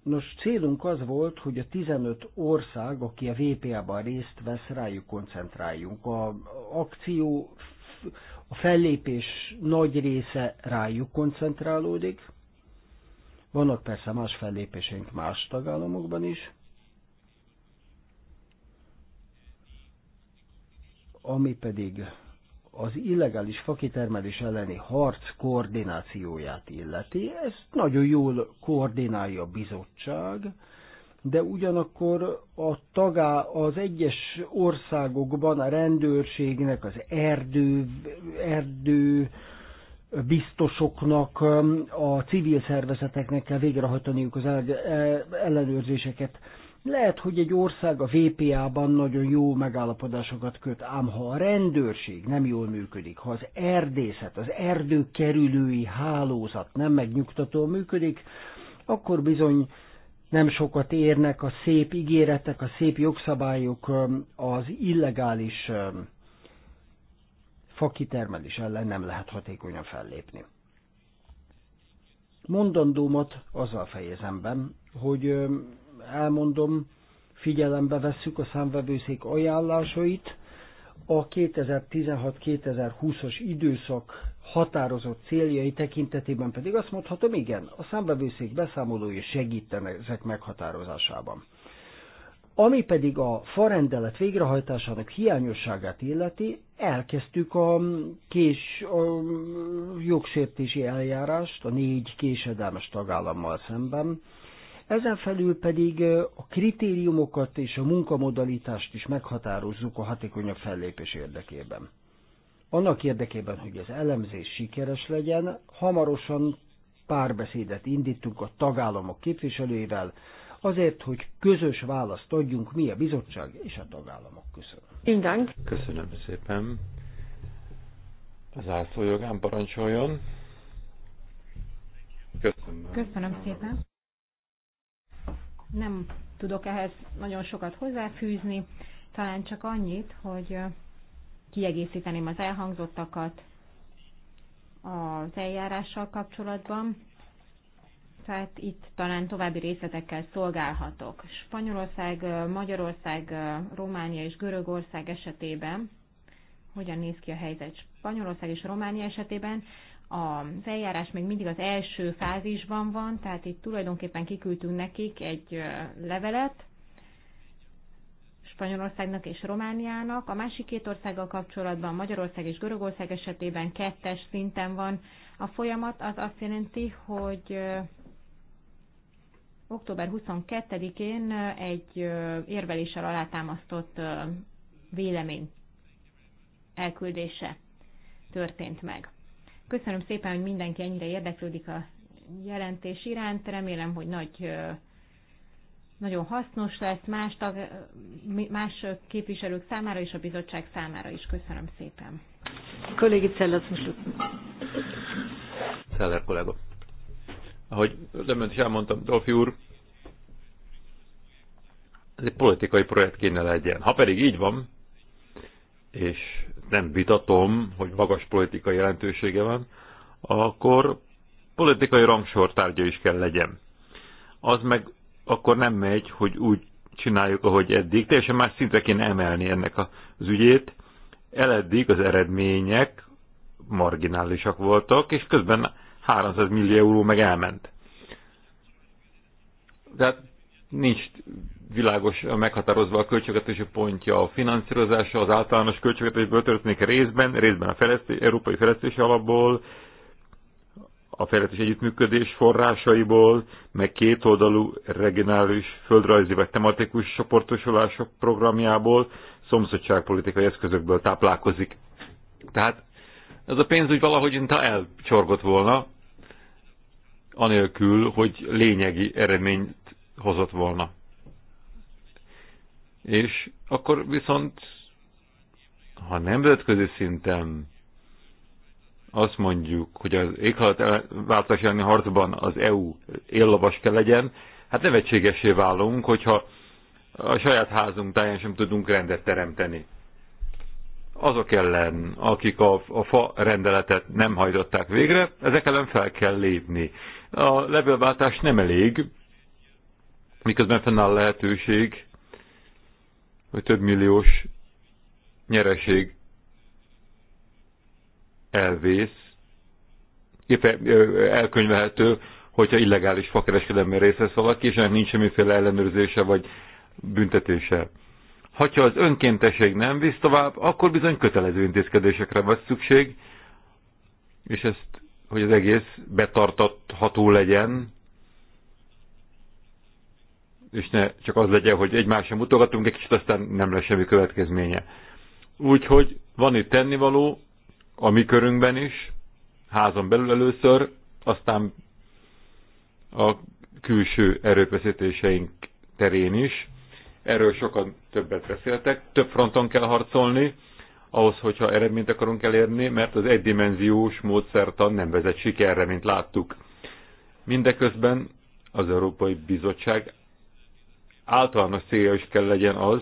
Nos, célunk az volt, hogy a 15 ország, aki a VPA-ban részt vesz, rájuk koncentráljunk. A akció, a fellépés nagy része rájuk koncentrálódik. Vannak persze más fellépéseink más tagállamokban is. Ami pedig az illegális fakitermelés elleni harc koordinációját illeti. Ezt nagyon jól koordinálja a bizottság, de ugyanakkor a tagá az egyes országokban a rendőrségnek, az erdő, erdő biztosoknak, a civil szervezeteknek kell végrehajtaniuk az ellenőrzéseket. Lehet, hogy egy ország a VPA-ban nagyon jó megállapodásokat köt, ám ha a rendőrség nem jól működik, ha az erdészet, az erdőkerülői hálózat nem megnyugtatóan működik, akkor bizony nem sokat érnek a szép ígéretek, a szép jogszabályok az illegális fakitermelés ellen nem lehet hatékonyan fellépni. Mondandómat azzal fejezem be, hogy elmondom, figyelembe vesszük a számvevőszék ajánlásait. A 2016-2020-as időszak határozott céljai tekintetében pedig azt mondhatom, igen, a számvevőszék beszámolói segítenek ezek meghatározásában. Ami pedig a farendelet végrehajtásának hiányosságát illeti, elkezdtük a, kés, a jogsértési eljárást a négy késedelmes tagállammal szemben. Ezen felül pedig a kritériumokat és a munkamodalitást is meghatározzuk a hatékonyabb fellépés érdekében. Annak érdekében, hogy az elemzés sikeres legyen, hamarosan párbeszédet indítunk a tagállamok képviselőivel, azért, hogy közös választ adjunk mi a bizottság és a tagállamok. Köszönöm. Köszönöm szépen. Az jogán parancsoljon. Köszönöm. Köszönöm szépen nem tudok ehhez nagyon sokat hozzáfűzni, talán csak annyit, hogy kiegészíteném az elhangzottakat az eljárással kapcsolatban. Tehát itt talán további részletekkel szolgálhatok. Spanyolország, Magyarország, Románia és Görögország esetében hogyan néz ki a helyzet Spanyolország és Románia esetében az eljárás még mindig az első fázisban van, tehát itt tulajdonképpen kiküldtünk nekik egy levelet, Spanyolországnak és Romániának. A másik két országgal kapcsolatban Magyarország és Görögország esetében kettes szinten van a folyamat. Az azt jelenti, hogy október 22-én egy érveléssel alátámasztott vélemény elküldése történt meg. Köszönöm szépen, hogy mindenki ennyire érdeklődik a jelentés iránt. Remélem, hogy nagy, nagyon hasznos lesz más, tag, más képviselők számára és a bizottság számára is. Köszönöm szépen. Kollégi Celler, Szeller kollega. Ahogy Lement is elmondtam, Dolfi úr, ez egy politikai projekt kéne legyen. Ha pedig így van, és nem vitatom, hogy magas politikai jelentősége van, akkor politikai rangsor is kell legyen. Az meg akkor nem megy, hogy úgy csináljuk, ahogy eddig. Teljesen más szintre kéne emelni ennek az ügyét. Eleddig az eredmények marginálisak voltak, és közben 300 millió euró meg elment. Tehát nincs világos meghatározva a költségvetési pontja, a finanszírozása az általános költségvetésből történik részben, részben a fejlesztés, európai fejlesztés alapból, a fejlesztés együttműködés forrásaiból, meg kétoldalú regionális földrajzi vagy tematikus csoportosulások programjából, szomszédságpolitikai eszközökből táplálkozik. Tehát ez a pénz úgy valahogy mintha elcsorgott volna, anélkül, hogy lényegi eredmény hozott volna. És akkor viszont, ha nemzetközi szinten azt mondjuk, hogy az éghajlatváltozás elleni harcban az EU éllavas kell legyen, hát nevetségesé válunk, hogyha a saját házunk táján sem tudunk rendet teremteni. Azok ellen, akik a, a fa rendeletet nem hajtották végre, ezek ellen fel kell lépni. A levélváltás nem elég, miközben fennáll lehetőség, hogy több milliós nyereség elvész, épp elkönyvelhető, hogyha illegális fakereskedelmi részt vesz valaki, és ennek nincs semmiféle ellenőrzése vagy büntetése. Ha az önkéntesség nem visz tovább, akkor bizony kötelező intézkedésekre van szükség, és ezt, hogy az egész betartatható legyen, és ne csak az legyen, hogy sem mutogatunk egy kicsit, aztán nem lesz semmi következménye. Úgyhogy van itt tennivaló, a mi körünkben is, házon belül először, aztán a külső erőfeszítéseink terén is. Erről sokan többet beszéltek, több fronton kell harcolni, ahhoz, hogyha eredményt akarunk elérni, mert az egydimenziós módszertan nem vezet sikerre, mint láttuk. Mindeközben az Európai Bizottság általános célja is kell legyen az,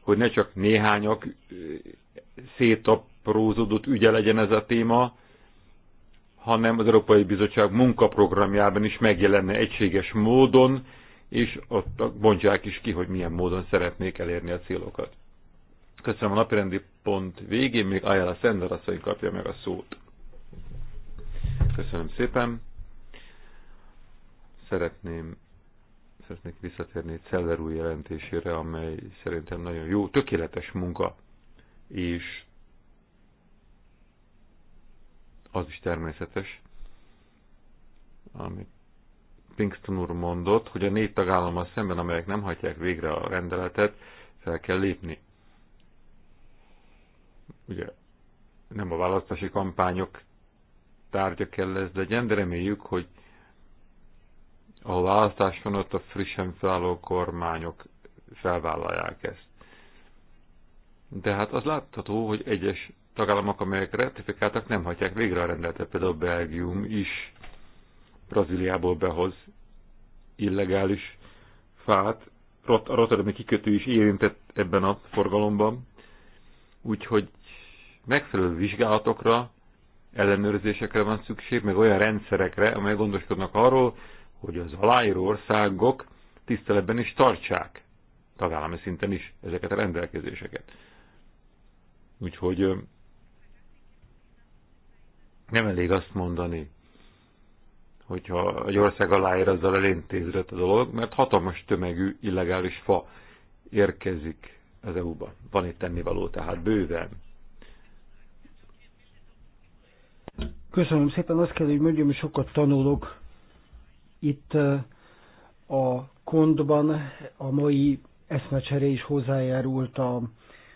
hogy ne csak néhányak szétaprózódott ügye legyen ez a téma, hanem az Európai Bizottság munkaprogramjában is megjelenne egységes módon, és ott bontják is ki, hogy milyen módon szeretnék elérni a célokat. Köszönöm a napirendi pont végén, még Ajala Szender asszony kapja meg a szót. Köszönöm szépen. Szeretném szeretnék visszatérni Celler új jelentésére, amely szerintem nagyon jó, tökéletes munka, és az is természetes, amit Pinkston úr mondott, hogy a négy tagállammal szemben, amelyek nem hagyják végre a rendeletet, fel kell lépni. Ugye nem a választási kampányok tárgya kell ez legyen, de reméljük, hogy ahol választás van, ott a frissen felálló kormányok felvállalják ezt. De hát az látható, hogy egyes tagállamok, amelyek ratifikáltak, nem hagyják végre a rendeletet. Például Belgium is Brazíliából behoz illegális fát. a Rotterdami kikötő is érintett ebben a forgalomban. Úgyhogy megfelelő vizsgálatokra, ellenőrzésekre van szükség, meg olyan rendszerekre, amelyek gondoskodnak arról, hogy az aláíró országok tiszteletben is tartsák tagállami szinten is ezeket a rendelkezéseket. Úgyhogy nem elég azt mondani, hogyha egy ország aláír, azzal elintézett a dolog, mert hatalmas tömegű illegális fa érkezik az EU-ba. Van itt tennivaló, tehát bőven. Köszönöm szépen, azt kell, hogy mondjam, hogy sokat tanulok itt a kondban a mai eszmecsere is hozzájárult a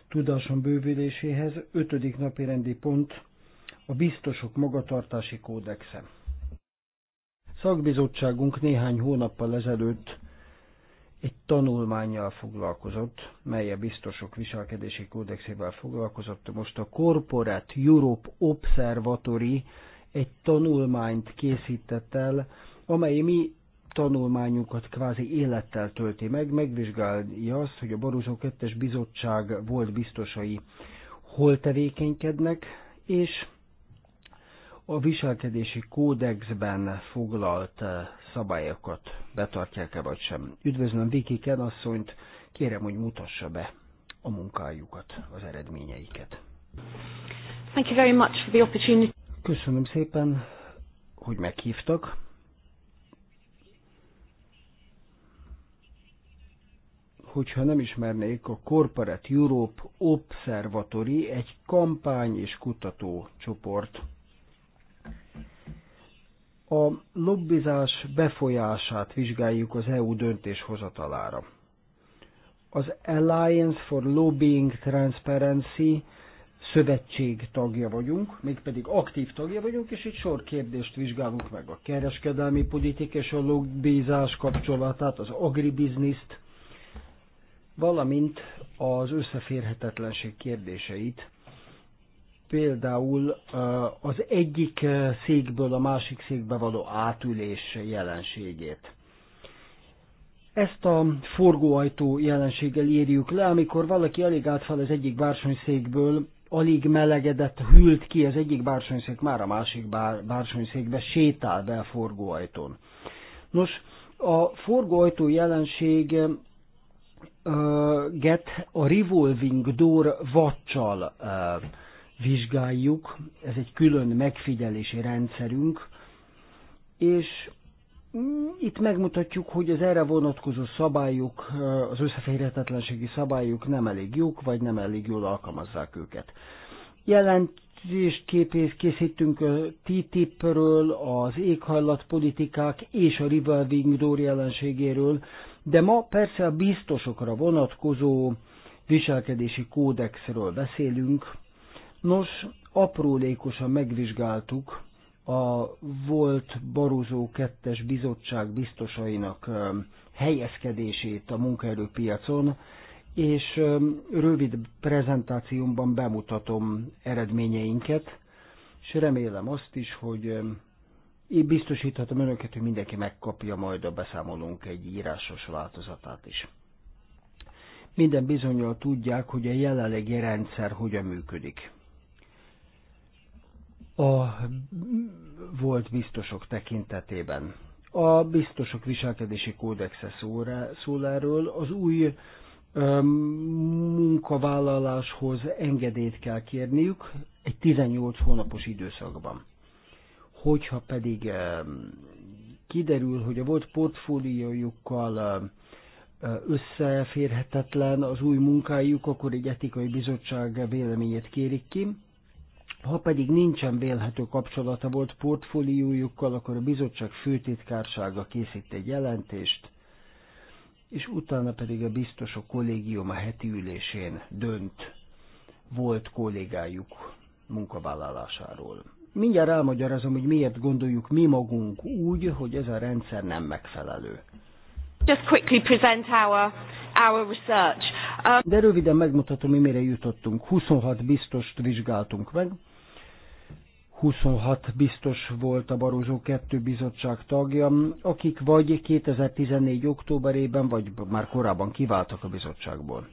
tudásom bővüléséhez. Ötödik napi rendi pont a biztosok magatartási kódexe. Szakbizottságunk néhány hónappal ezelőtt egy tanulmányjal foglalkozott, mely a biztosok viselkedési kódexével foglalkozott. Most a Corporate Europe Observatory egy tanulmányt készített el, amely mi tanulmányunkat kvázi élettel tölti meg, megvizsgálja azt, hogy a Barózsó 2 bizottság volt biztosai hol tevékenykednek, és a viselkedési kódexben foglalt eh, szabályokat betartják-e vagy sem. Üdvözlöm Viki Ken asszonyt, kérem, hogy mutassa be a munkájukat, az eredményeiket. Thank you very much for the opportunity. Köszönöm szépen, hogy meghívtak hogyha nem ismernék, a Corporate Europe Observatory egy kampány és kutató csoport, A lobbizás befolyását vizsgáljuk az EU döntéshozatalára. Az Alliance for Lobbying Transparency szövetség tagja vagyunk, mégpedig aktív tagja vagyunk, és egy sor kérdést vizsgálunk meg. A kereskedelmi politika és a lobbizás kapcsolatát, az agribizniszt, valamint az összeférhetetlenség kérdéseit. Például az egyik székből a másik székbe való átülés jelenségét. Ezt a forgóajtó jelenséggel írjuk le, amikor valaki alig állt fel az egyik bársonyszékből, alig melegedett, hűlt ki az egyik bársonyszék, már a másik bársonyszékbe sétál be a forgóajtón. Nos, a forgóajtó jelenség get a revolving door vacsal vizsgáljuk, ez egy külön megfigyelési rendszerünk, és mm, itt megmutatjuk, hogy az erre vonatkozó szabályok, az összeférhetetlenségi szabályok nem elég jók, vagy nem elég jól alkalmazzák őket. Jelentést képész, készítünk a TTIP-ről, az éghajlatpolitikák és a revolving door jelenségéről, de ma persze a biztosokra vonatkozó viselkedési kódexről beszélünk. Nos, aprólékosan megvizsgáltuk a volt Barozó 2 bizottság biztosainak helyezkedését a munkaerőpiacon, és rövid prezentációmban bemutatom eredményeinket, és remélem azt is, hogy én biztosíthatom önöket, hogy mindenki megkapja majd a beszámolónk egy írásos változatát is. Minden bizonyal tudják, hogy a jelenlegi rendszer hogyan működik. A volt biztosok tekintetében. A biztosok viselkedési kódexe szól erről, az új munkavállaláshoz engedélyt kell kérniük egy 18 hónapos időszakban. Hogyha pedig kiderül, hogy a volt portfóliójukkal összeférhetetlen az új munkájuk, akkor egy etikai bizottság véleményét kérik ki. Ha pedig nincsen vélhető kapcsolata volt portfóliójukkal, akkor a bizottság főtitkársága készít egy jelentést, és utána pedig a biztos kollégium a heti ülésén dönt volt kollégájuk munkavállalásáról. Mindjárt elmagyarázom, hogy miért gondoljuk mi magunk úgy, hogy ez a rendszer nem megfelelő. Just quickly present our, our research. Um... De röviden megmutatom, mi mire jutottunk. 26 biztost vizsgáltunk meg. 26 biztos volt a Barózsó 2 bizottság tagja, akik vagy 2014. októberében, vagy már korábban kiváltak a bizottságból.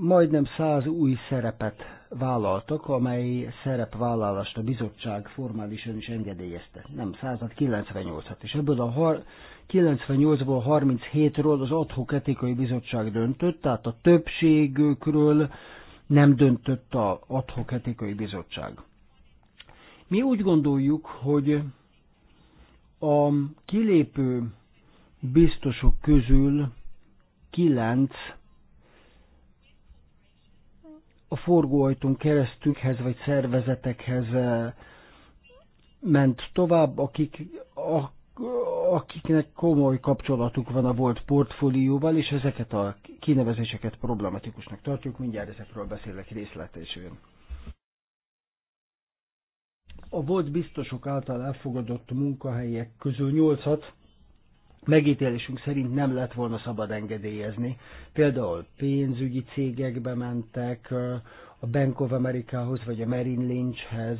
majdnem száz új szerepet vállaltak, amely szerepvállalást a bizottság formálisan is engedélyezte. Nem 198. 98-at. És ebből a 98-ból 37-ről az adhok etikai bizottság döntött, tehát a többségükről nem döntött a adhok etikai bizottság. Mi úgy gondoljuk, hogy a kilépő biztosok közül kilenc a forgóajtón keresztünkhez vagy szervezetekhez eh, ment tovább, akik, a, akiknek komoly kapcsolatuk van a volt portfólióval, és ezeket a kinevezéseket problematikusnak tartjuk. Mindjárt ezekről beszélek részletesen. A volt biztosok által elfogadott munkahelyek közül 8-at megítélésünk szerint nem lett volna szabad engedélyezni. Például pénzügyi cégekbe mentek, a Bank of Americahoz, vagy a Merrill Lynchhez,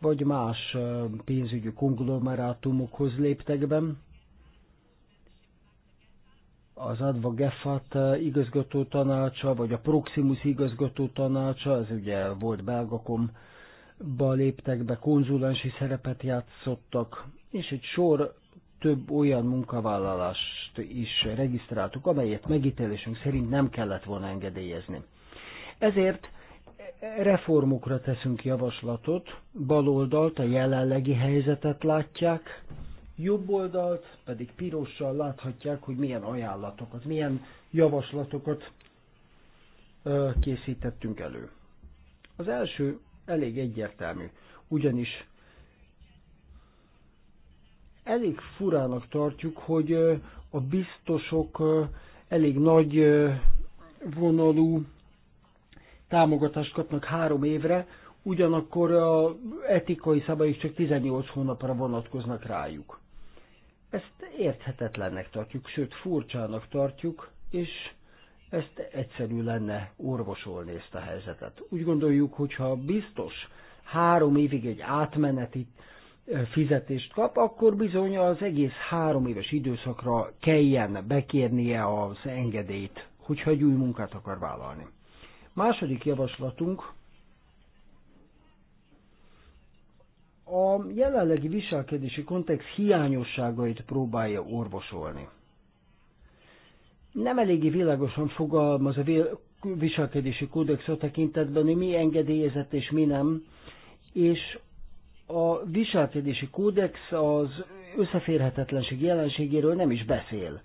vagy más pénzügyi konglomerátumokhoz léptek be. Az Adva Geffat igazgató tanácsa, vagy a Proximus igazgató tanácsa, az ugye volt belgakom, ba léptek be, konzulensi szerepet játszottak, és egy sor több olyan munkavállalást is regisztráltuk, amelyet megítélésünk szerint nem kellett volna engedélyezni. Ezért reformokra teszünk javaslatot, baloldalt a jelenlegi helyzetet látják, jobb oldalt pedig pirossal láthatják, hogy milyen ajánlatokat, milyen javaslatokat készítettünk elő. Az első elég egyértelmű, ugyanis Elég furának tartjuk, hogy a biztosok elég nagy vonalú támogatást kapnak három évre, ugyanakkor a etikai szabályok csak 18 hónapra vonatkoznak rájuk. Ezt érthetetlennek tartjuk, sőt furcsának tartjuk, és ezt egyszerű lenne orvosolni ezt a helyzetet. Úgy gondoljuk, hogyha biztos három évig egy átmeneti fizetést kap, akkor bizony az egész három éves időszakra kelljen bekérnie az engedélyt, hogyha egy új munkát akar vállalni. Második javaslatunk a jelenlegi viselkedési kontext hiányosságait próbálja orvosolni. Nem eléggé világosan fogalmaz a viselkedési kódex a tekintetben, hogy mi engedélyezett és mi nem, és a viselkedési kódex az összeférhetetlenség jelenségéről nem is beszél.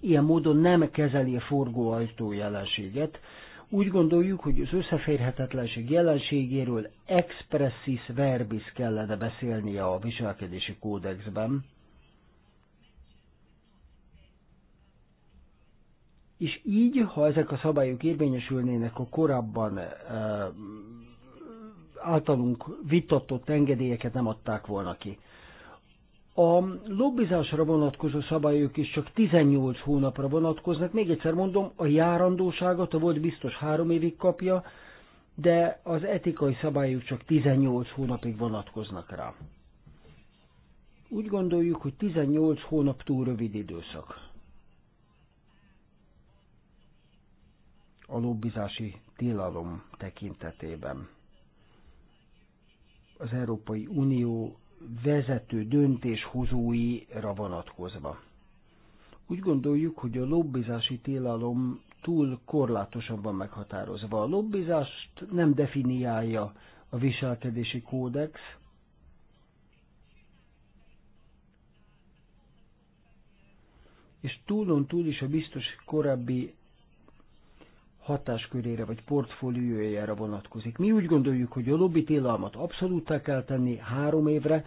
Ilyen módon nem kezeli a forgóajtó jelenséget. Úgy gondoljuk, hogy az összeférhetetlenség jelenségéről expressis verbis kellene beszélnie a viselkedési kódexben. És így, ha ezek a szabályok érvényesülnének a korábban általunk vitatott engedélyeket nem adták volna ki. A lobbizásra vonatkozó szabályok is csak 18 hónapra vonatkoznak. Még egyszer mondom, a járandóságot a volt biztos három évig kapja, de az etikai szabályok csak 18 hónapig vonatkoznak rá. Úgy gondoljuk, hogy 18 hónap túl rövid időszak. A lobbizási tilalom tekintetében az Európai Unió vezető döntéshozóira vonatkozva. Úgy gondoljuk, hogy a lobbizási tilalom túl korlátosan van meghatározva. A lobbizást nem definiálja a viselkedési kódex, és túlon túl is a biztos korábbi hatáskörére vagy portfóliójára vonatkozik. Mi úgy gondoljuk, hogy a lobby tilalmat abszolút kell tenni három évre,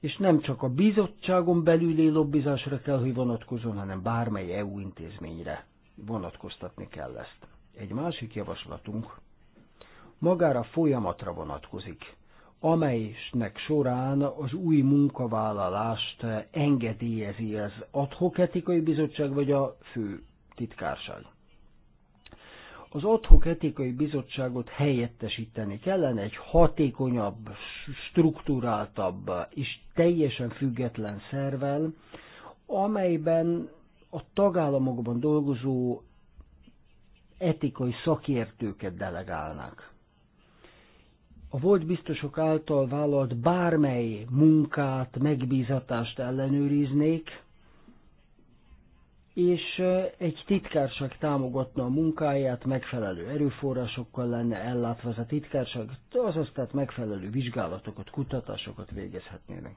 és nem csak a bizottságon belüli lobbizásra kell, hogy vonatkozzon, hanem bármely EU intézményre vonatkoztatni kell ezt. Egy másik javaslatunk magára folyamatra vonatkozik, amelynek során az új munkavállalást engedélyezi az adhok etikai bizottság vagy a fő titkárság. Az adhok etikai bizottságot helyettesíteni kellene egy hatékonyabb, struktúráltabb és teljesen független szervel, amelyben a tagállamokban dolgozó etikai szakértőket delegálnak. A volt biztosok által vállalt bármely munkát, megbízatást ellenőriznék, és egy titkárság támogatna a munkáját, megfelelő erőforrásokkal lenne ellátva ez a titkárság, azaz tehát megfelelő vizsgálatokat, kutatásokat végezhetnének.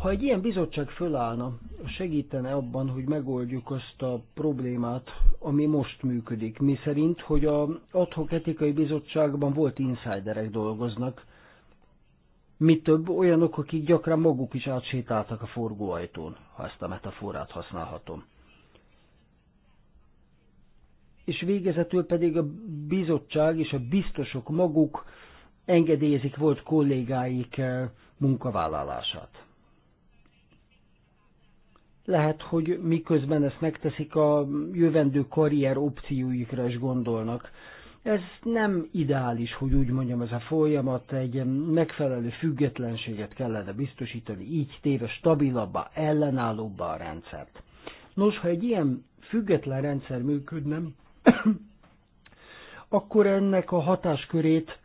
Ha egy ilyen bizottság fölállna, segítene abban, hogy megoldjuk azt a problémát, ami most működik, mi szerint, hogy a adhok etikai bizottságban volt insiderek dolgoznak, mi több olyanok, akik gyakran maguk is átsétáltak a forgóajtón, ha ezt a metaforát használhatom. És végezetül pedig a bizottság és a biztosok maguk engedélyezik volt kollégáik eh, munkavállalását. Lehet, hogy miközben ezt megteszik, a jövendő karrier opcióikra is gondolnak ez nem ideális, hogy úgy mondjam, ez a folyamat, egy megfelelő függetlenséget kellene biztosítani, így téve stabilabbá, ellenállóbbá a rendszert. Nos, ha egy ilyen független rendszer működne, akkor ennek a hatáskörét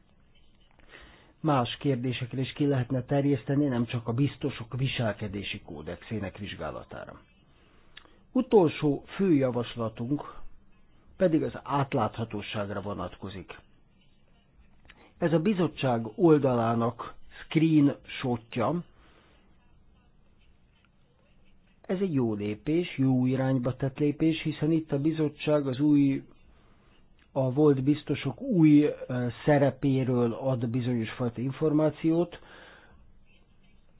más kérdésekre is ki lehetne terjeszteni, nem csak a biztosok viselkedési kódexének vizsgálatára. Utolsó fő javaslatunk pedig az átláthatóságra vonatkozik. Ez a bizottság oldalának screenshotja, ez egy jó lépés, jó irányba tett lépés, hiszen itt a bizottság az új, a volt biztosok új szerepéről ad bizonyos fajta információt,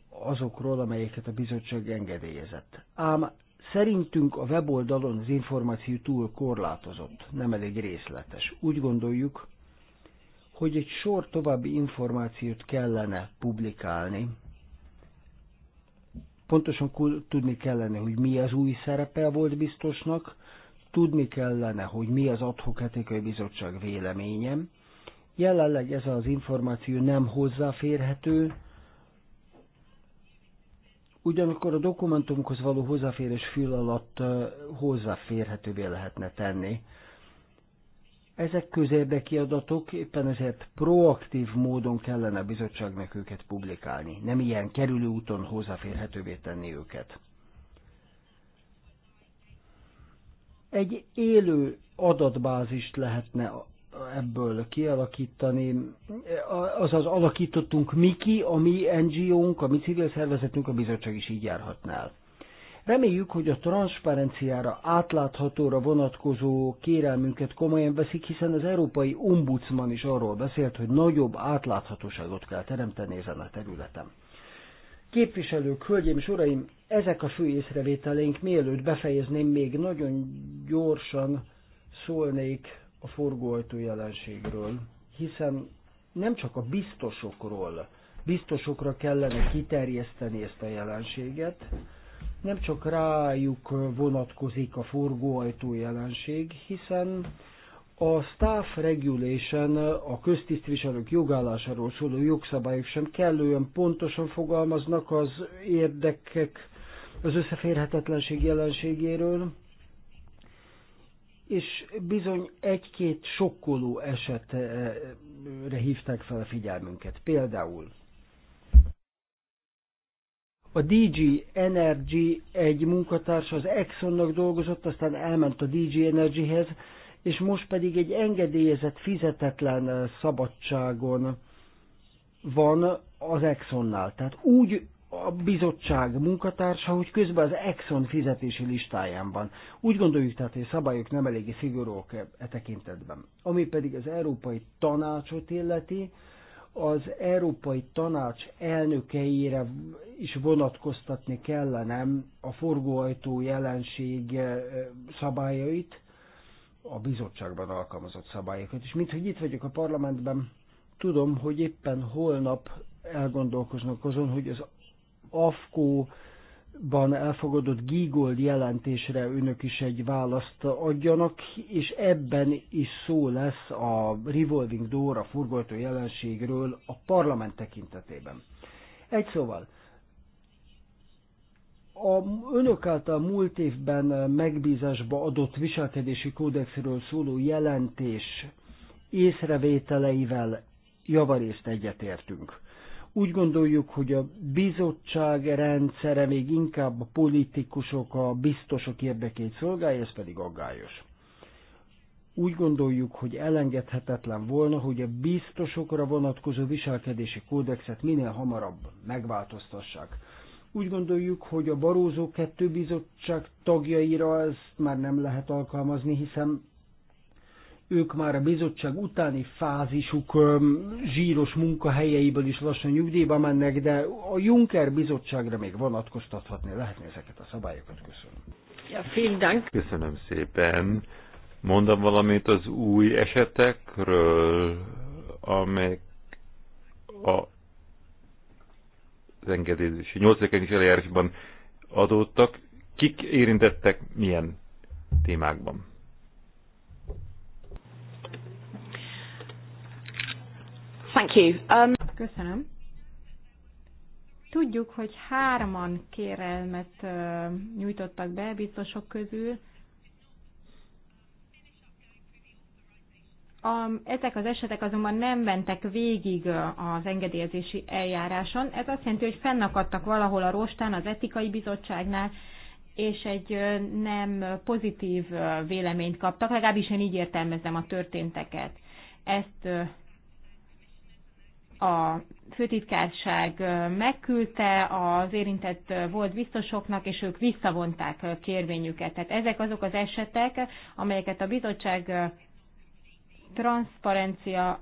azokról, amelyeket a bizottság engedélyezett. Ám Szerintünk a weboldalon az információ túl korlátozott, nem elég részletes. Úgy gondoljuk, hogy egy sor további információt kellene publikálni. Pontosan tudni kellene, hogy mi az új szerepe a volt biztosnak, tudni kellene, hogy mi az adhok etikai bizottság véleményem. Jelenleg ez az információ nem hozzáférhető, ugyanakkor a dokumentumokhoz való hozzáférés fül alatt hozzáférhetővé lehetne tenni. Ezek közérdeki adatok, éppen ezért proaktív módon kellene a bizottságnak őket publikálni, nem ilyen kerülő úton hozzáférhetővé tenni őket. Egy élő adatbázist lehetne ebből kialakítani. az alakítottunk mi ki, a mi NGO-nk, a mi civil szervezetünk, a bizottság is így járhatnál. Reméljük, hogy a transzparenciára, átláthatóra vonatkozó kérelmünket komolyan veszik, hiszen az Európai Ombudsman is arról beszélt, hogy nagyobb átláthatóságot kell teremteni ezen a területen. Képviselők, hölgyeim és uraim, ezek a fő észrevételeink, mielőtt befejezném, még nagyon gyorsan szólnék a forgóajtó jelenségről, hiszen nem csak a biztosokról, biztosokra kellene kiterjeszteni ezt a jelenséget, nem csak rájuk vonatkozik a forgóajtó jelenség, hiszen a staff regulation, a köztisztviselők jogállásáról szóló jogszabályok sem kellően pontosan fogalmaznak az érdekek, az összeférhetetlenség jelenségéről, és bizony egy-két sokkoló esetre hívták fel a figyelmünket. Például a DG Energy egy munkatársa az Exxonnak dolgozott, aztán elment a DG Energyhez, és most pedig egy engedélyezett fizetetlen szabadságon van az Exxonnál. Tehát úgy a bizottság munkatársa, hogy közben az Exxon fizetési listáján van. Úgy gondoljuk tehát, hogy a szabályok nem eléggé szigorúak e, e tekintetben. Ami pedig az Európai Tanácsot illeti, az Európai Tanács elnökeire is vonatkoztatni kellene a forgóajtó jelenség e, szabályait, a bizottságban alkalmazott szabályokat. És mint hogy itt vagyok a parlamentben, tudom, hogy éppen holnap elgondolkoznak azon, hogy az AFKO-ban elfogadott Gigold jelentésre önök is egy választ adjanak, és ebben is szó lesz a revolving door, a forgató jelenségről a parlament tekintetében. Egy szóval, a önök által múlt évben megbízásba adott viselkedési kódexről szóló jelentés észrevételeivel javarészt egyetértünk. Úgy gondoljuk, hogy a bizottság rendszere még inkább a politikusok, a biztosok érdekét szolgálja, ez pedig aggályos úgy gondoljuk, hogy elengedhetetlen volna, hogy a biztosokra vonatkozó viselkedési kódexet minél hamarabb megváltoztassák. Úgy gondoljuk, hogy a Barózó kettő bizottság tagjaira ezt már nem lehet alkalmazni, hiszen ők már a bizottság utáni fázisuk zsíros munkahelyeiből is lassan nyugdíjba mennek, de a Juncker bizottságra még vonatkoztathatni lehetne ezeket a szabályokat. Köszönöm. Ja, Dank. Köszönöm szépen. Mondom valamit az új esetekről, amelyek a az engedélyzési 8. is eljárásban adódtak. Kik érintettek milyen témákban? Thank you. Um... Köszönöm. Tudjuk, hogy hárman kérelmet nyújtottak be biztosok közül. A, ezek az esetek azonban nem mentek végig az engedélyezési eljáráson. Ez azt jelenti, hogy fennakadtak valahol a rostán, az etikai bizottságnál, és egy nem pozitív véleményt kaptak, legalábbis én így értelmezem a történteket. Ezt a főtitkárság megküldte az érintett volt biztosoknak, és ők visszavonták kérvényüket. Tehát ezek azok az esetek, amelyeket a bizottság transzparencia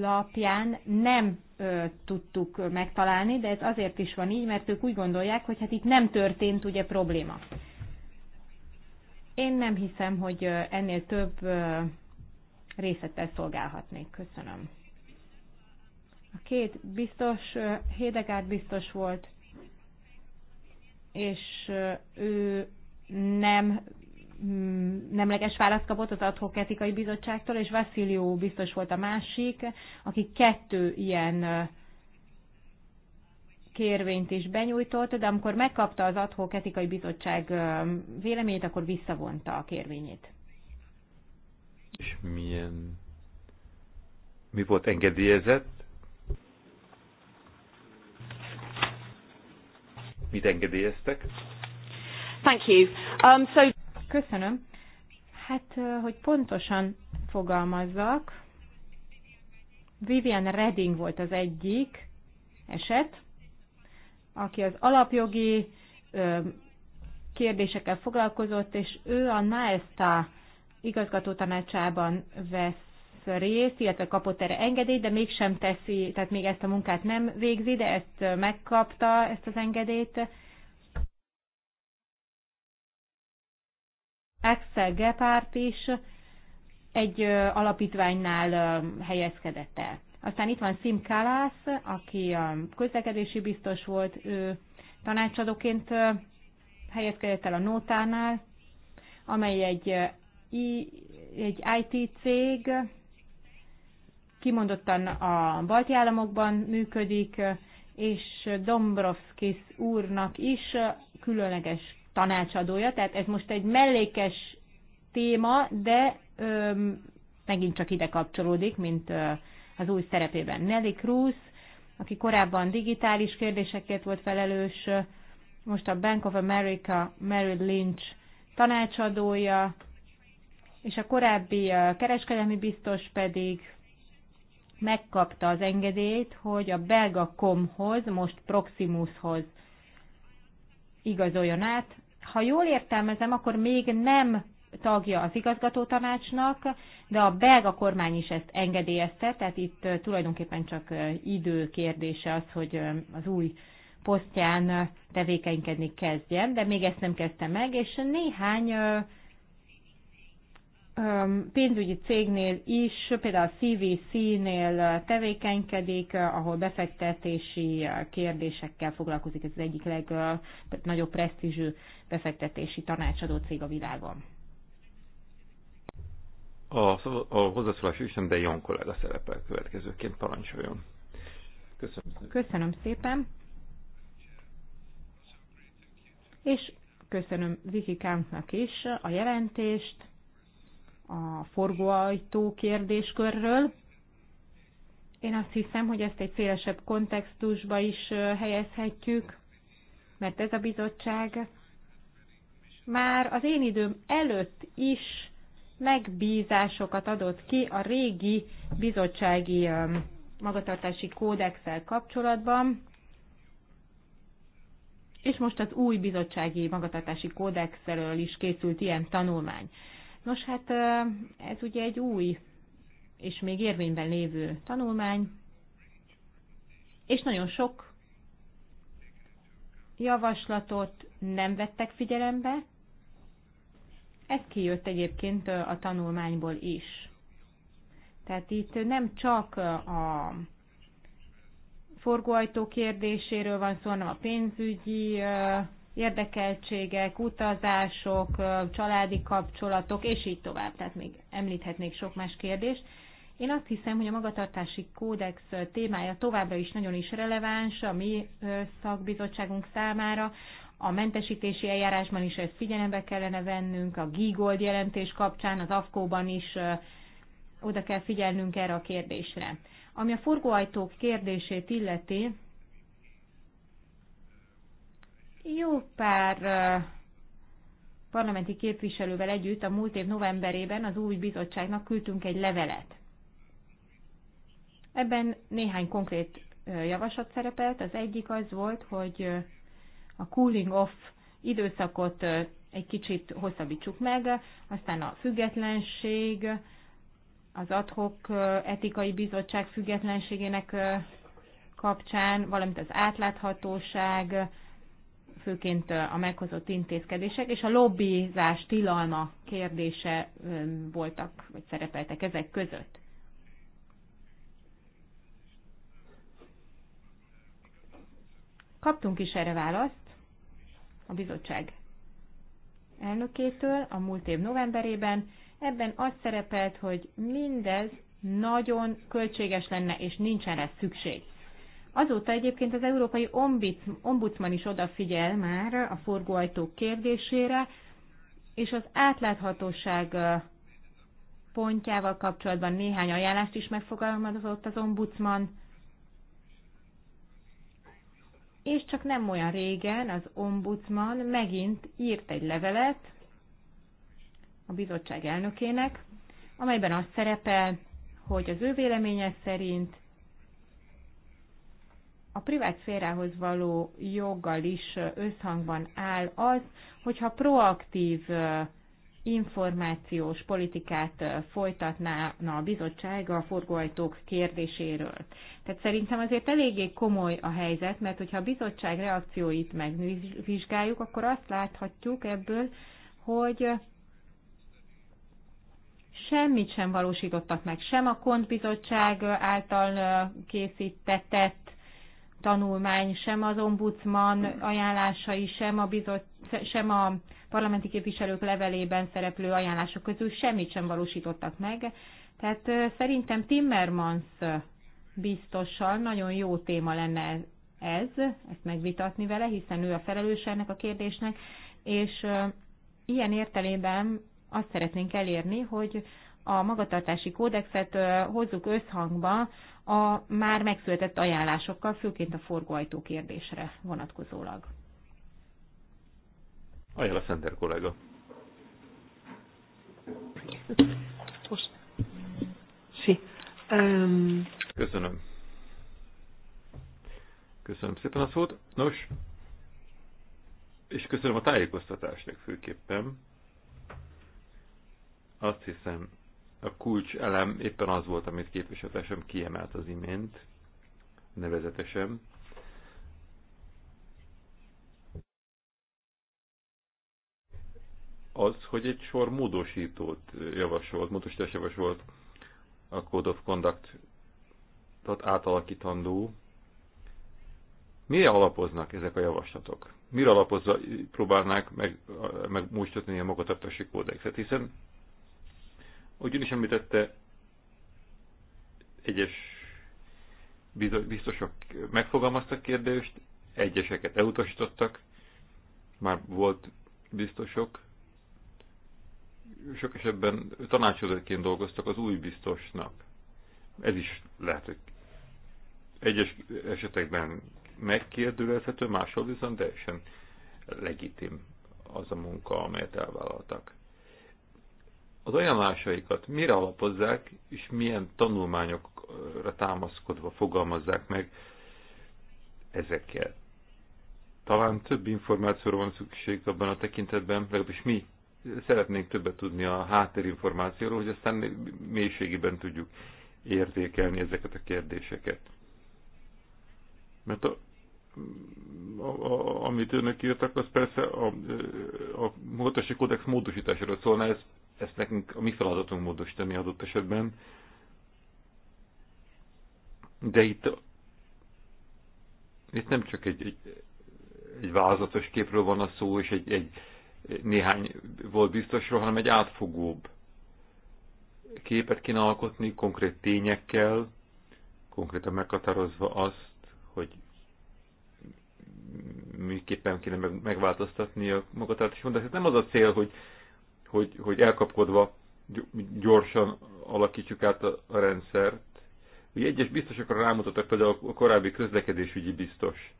lapján nem ö, tudtuk megtalálni, de ez azért is van így, mert ők úgy gondolják, hogy hát itt nem történt ugye probléma. Én nem hiszem, hogy ennél több részlettel szolgálhatnék. Köszönöm. A két biztos, Hédegárd biztos volt, és ő nem mm, nemleges választ kapott az adhok etikai bizottságtól, és Vasszilió biztos volt a másik, aki kettő ilyen kérvényt is benyújtott, de amikor megkapta az adhok etikai bizottság véleményét, akkor visszavonta a kérvényét. És milyen... Mi volt engedélyezett? mit engedélyeztek? Thank you. Um, so... Köszönöm. Hát, hogy pontosan fogalmazzak, Vivian Redding volt az egyik eset, aki az alapjogi kérdésekkel foglalkozott, és ő a NAESTA igazgatótanácsában vesz részt, illetve kapott erre engedélyt, de mégsem teszi, tehát még ezt a munkát nem végzi, de ezt megkapta, ezt az engedélyt. Axel Gepárt is egy alapítványnál helyezkedett el. Aztán itt van Sim Kalász, aki a közlekedési biztos volt, ő tanácsadóként helyezkedett el a Nótánál, amely egy, egy IT cég, kimondottan a balti államokban működik, és Dombrovskis úrnak is különleges tanácsadója, tehát ez most egy mellékes téma, de ö, megint csak ide kapcsolódik, mint ö, az új szerepében. Nelly Cruz, aki korábban digitális kérdésekért volt felelős, most a Bank of America Merrill Lynch tanácsadója, és a korábbi kereskedelmi biztos pedig megkapta az engedélyt, hogy a belga komhoz, most Proximushoz igazoljon át. Ha jól értelmezem, akkor még nem tagja az igazgatótanácsnak, de a belga kormány is ezt engedélyezte, tehát itt tulajdonképpen csak idő kérdése az, hogy az új posztján tevékenykedni kezdjen, de még ezt nem kezdte meg, és néhány pénzügyi cégnél is, például a CVC-nél tevékenykedik, ahol befektetési kérdésekkel foglalkozik, ez az egyik legnagyobb presztízsű befektetési tanácsadó cég a világon. A, a hozzászólás de Jan kollega szerepel következőként, parancsoljon. Köszönöm. Köszönöm szépen. És köszönöm Viki Kampnak is a jelentést a forgóajtó kérdéskörről. Én azt hiszem, hogy ezt egy szélesebb kontextusba is helyezhetjük, mert ez a bizottság már az én időm előtt is megbízásokat adott ki a régi bizottsági magatartási kódexel kapcsolatban, és most az új bizottsági magatartási kódexről is készült ilyen tanulmány. Nos, hát ez ugye egy új és még érvényben lévő tanulmány, és nagyon sok javaslatot nem vettek figyelembe. Ez kijött egyébként a tanulmányból is. Tehát itt nem csak a forgóajtó kérdéséről van szó, hanem a pénzügyi érdekeltségek, utazások, családi kapcsolatok, és így tovább. Tehát még említhetnék sok más kérdést. Én azt hiszem, hogy a magatartási kódex témája továbbra is nagyon is releváns a mi szakbizottságunk számára. A mentesítési eljárásban is ezt figyelembe kellene vennünk, a Gigold jelentés kapcsán, az AFKO-ban is oda kell figyelnünk erre a kérdésre. Ami a forgóajtók kérdését illeti, jó pár parlamenti képviselővel együtt a múlt év novemberében az új bizottságnak küldtünk egy levelet. Ebben néhány konkrét javaslat szerepelt. Az egyik az volt, hogy a cooling off időszakot egy kicsit hosszabbítsuk meg, aztán a függetlenség, az adhok etikai bizottság függetlenségének kapcsán, valamint az átláthatóság, főként a meghozott intézkedések, és a lobbizás tilalma kérdése voltak, vagy szerepeltek ezek között. Kaptunk is erre választ a bizottság elnökétől a múlt év novemberében. Ebben az szerepelt, hogy mindez nagyon költséges lenne, és nincsen rá szükség. Azóta egyébként az Európai Ombudsman is odafigyel már a forgóajtók kérdésére, és az átláthatóság pontjával kapcsolatban néhány ajánlást is megfogalmazott az ombudsman. És csak nem olyan régen az ombudsman megint írt egy levelet a bizottság elnökének, amelyben az szerepel, hogy az ő véleménye szerint a privát szférához való joggal is összhangban áll az, hogyha proaktív információs politikát folytatná a bizottság a forgóajtók kérdéséről. Tehát szerintem azért eléggé komoly a helyzet, mert hogyha a bizottság reakcióit megvizsgáljuk, akkor azt láthatjuk ebből, hogy semmit sem valósítottak meg, sem a kontbizottság által készítetett tanulmány, sem az ombudsman ajánlásai, sem a, bizot, sem a parlamenti képviselők levelében szereplő ajánlások közül semmit sem valósítottak meg. Tehát szerintem Timmermans biztosan nagyon jó téma lenne ez, ezt megvitatni vele, hiszen ő a felelős ennek a kérdésnek, és ilyen értelében azt szeretnénk elérni, hogy a magatartási kódexet hozzuk összhangba a már megszületett ajánlásokkal, főként a forgóajtó kérdésre vonatkozólag. Ajánl a Szender kollega. Köszönöm. Köszönöm szépen a szót. Nos, és köszönöm a tájékoztatást főképpen. Azt hiszem, a kulcs elem éppen az volt, amit képviselőtársam kiemelt az imént, nevezetesen. Az, hogy egy sor módosítót javasolt, módosítás javasolt a Code of Conduct átalakítandó. Mire alapoznak ezek a javaslatok? Mire alapozva próbálnák meg, meg a magatartási kódexet? Hiszen ugyanis is említette, egyes biztosok megfogalmaztak kérdést, egyeseket elutasítottak, már volt biztosok, sok esetben tanácsadóként dolgoztak az új biztosnak. Ez is lehet, hogy egyes esetekben megkérdőlezhető, máshol viszont teljesen legitim az a munka, amelyet elvállaltak az ajánlásaikat mire alapozzák, és milyen tanulmányokra támaszkodva fogalmazzák meg ezeket. Talán több információra van szükség abban a tekintetben, legalábbis mi szeretnénk többet tudni a háttérinformációról, hogy aztán mélységében tudjuk értékelni ezeket a kérdéseket. Mert a, a, a, amit önök írtak, az persze a, a, a Munkatársi Kódex módosításáról szólna, ez ezt nekünk a mi feladatunk módosítani adott esetben. De itt, itt nem csak egy, egy, egy vázatos képről van a szó, és egy, egy néhány volt biztosról, hanem egy átfogóbb képet kéne alkotni konkrét tényekkel, konkrétan meghatározva azt, hogy miképpen kéne megváltoztatni a magatartási mondást. Hát nem az a cél, hogy hogy, hogy elkapkodva gyorsan alakítsuk át a, a rendszert. Ugye egyes biztosokra rámutattak például a korábbi közlekedésügyi biztos,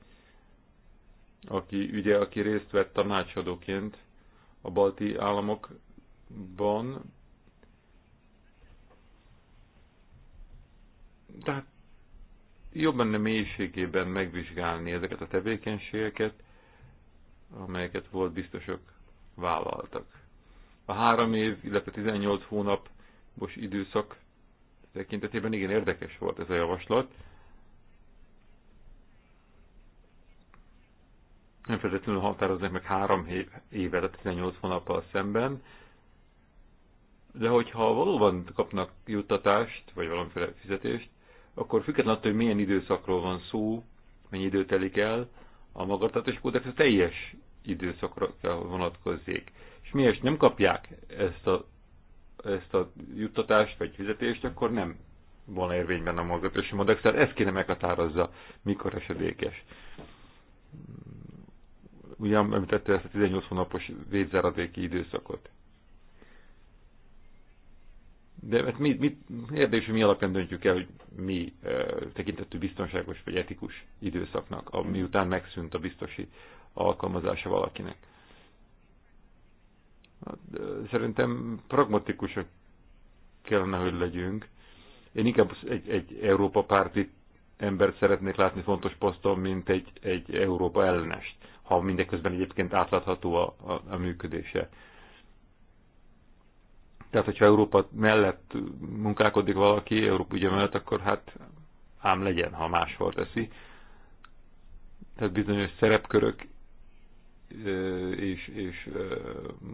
aki, ugye, aki részt vett tanácsadóként a balti államokban. Tehát jobb lenne mélységében megvizsgálni ezeket a tevékenységeket, amelyeket volt biztosok vállaltak a három év, illetve 18 hónapos időszak tekintetében igen érdekes volt ez a javaslat. Nem feltétlenül határoznak meg három évet a 18 hónappal szemben, de hogyha valóban kapnak juttatást, vagy valamiféle fizetést, akkor függetlenül attól, hogy milyen időszakról van szó, mennyi idő telik el, a magatartás kódex a teljes időszakra kell vonatkozzék miért nem kapják ezt a, ezt a juttatást vagy fizetést, akkor nem van érvényben a mozgatási modex, tehát ezt kéne meghatározza, mikor esedékes. Ugyan említette ezt a 18 hónapos védzáradéki időszakot. De mert hát mi, mi, érdekes, hogy mi alapján döntjük el, hogy mi e, tekintettük biztonságos vagy etikus időszaknak, miután megszűnt a biztosi alkalmazása valakinek. Szerintem pragmatikusak kellene, hogy legyünk. Én inkább egy, egy Európa párti embert szeretnék látni fontos poszton, mint egy, egy Európa ellenest, ha mindeközben egyébként átlátható a, a, a működése. Tehát, hogyha Európa mellett munkálkodik valaki, Európa ügye mellett, akkor hát ám legyen, ha máshol teszi. Tehát bizonyos szerepkörök és, és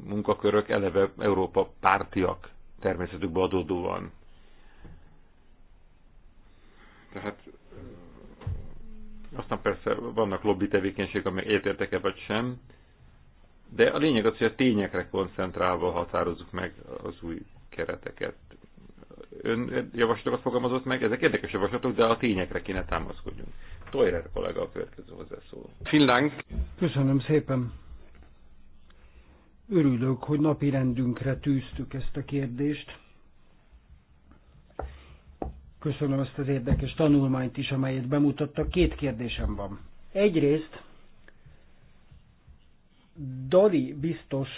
munkakörök eleve Európa pártiak természetükbe adódóan. Tehát aztán persze vannak lobby tevékenységek, amely értértek-e vagy sem, de a lényeg az, hogy a tényekre koncentrálva határozzuk meg az új kereteket ön javaslatokat fogalmazott meg, ezek érdekes javaslatok, de a tényekre kéne támaszkodjunk. Toyer kollega a következő hozzászóló. Finlánk. Köszönöm szépen. Örülök, hogy napi rendünkre tűztük ezt a kérdést. Köszönöm ezt az érdekes tanulmányt is, amelyet bemutattak. Két kérdésem van. Egyrészt Dali biztos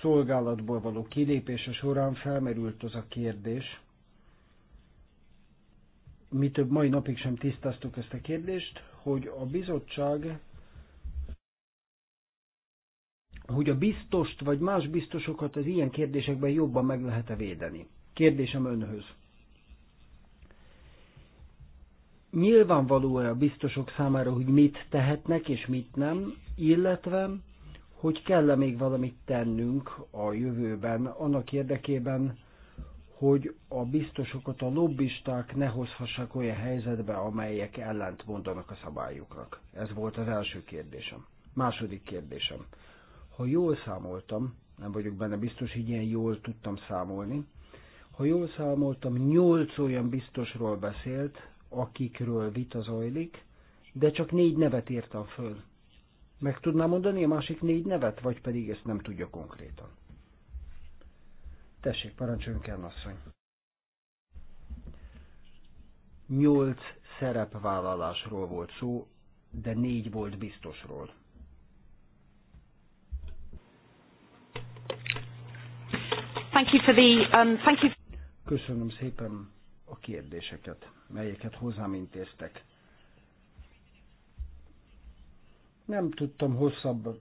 szolgálatból való kilépése során felmerült az a kérdés, mi több mai napig sem tisztáztuk ezt a kérdést, hogy a bizottság hogy a biztost vagy más biztosokat az ilyen kérdésekben jobban meg lehet-e védeni. Kérdésem önhöz. Nyilvánvaló-e a biztosok számára, hogy mit tehetnek és mit nem, illetve hogy kell-e még valamit tennünk a jövőben annak érdekében, hogy a biztosokat a lobbisták ne hozhassák olyan helyzetbe, amelyek ellent mondanak a szabályoknak. Ez volt az első kérdésem. Második kérdésem. Ha jól számoltam, nem vagyok benne biztos, hogy ilyen jól tudtam számolni, ha jól számoltam, nyolc olyan biztosról beszélt, akikről vita zajlik, de csak négy nevet írtam föl. Meg tudná mondani a másik négy nevet, vagy pedig ezt nem tudja konkrétan? Tessék, parancsoljon, kell asszony. Nyolc szerepvállalásról volt szó, de négy volt biztosról. Thank you for the, um, thank you. Köszönöm szépen a kérdéseket, melyeket hozzám intéztek. Nem tudtam hosszabb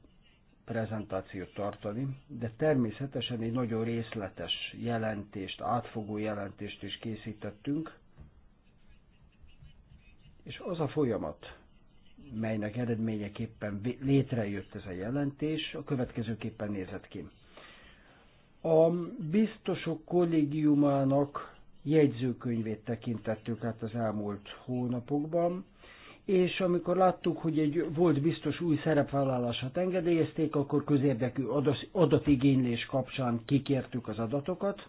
prezentációt tartani, de természetesen egy nagyon részletes jelentést, átfogó jelentést is készítettünk, és az a folyamat, melynek eredményeképpen létrejött ez a jelentés, a következőképpen nézett ki. A biztosok kollégiumának jegyzőkönyvét tekintettük át az elmúlt hónapokban, és amikor láttuk, hogy egy volt biztos új szerepvállalását engedélyezték, akkor közérdekű adatigénylés kapcsán kikértük az adatokat.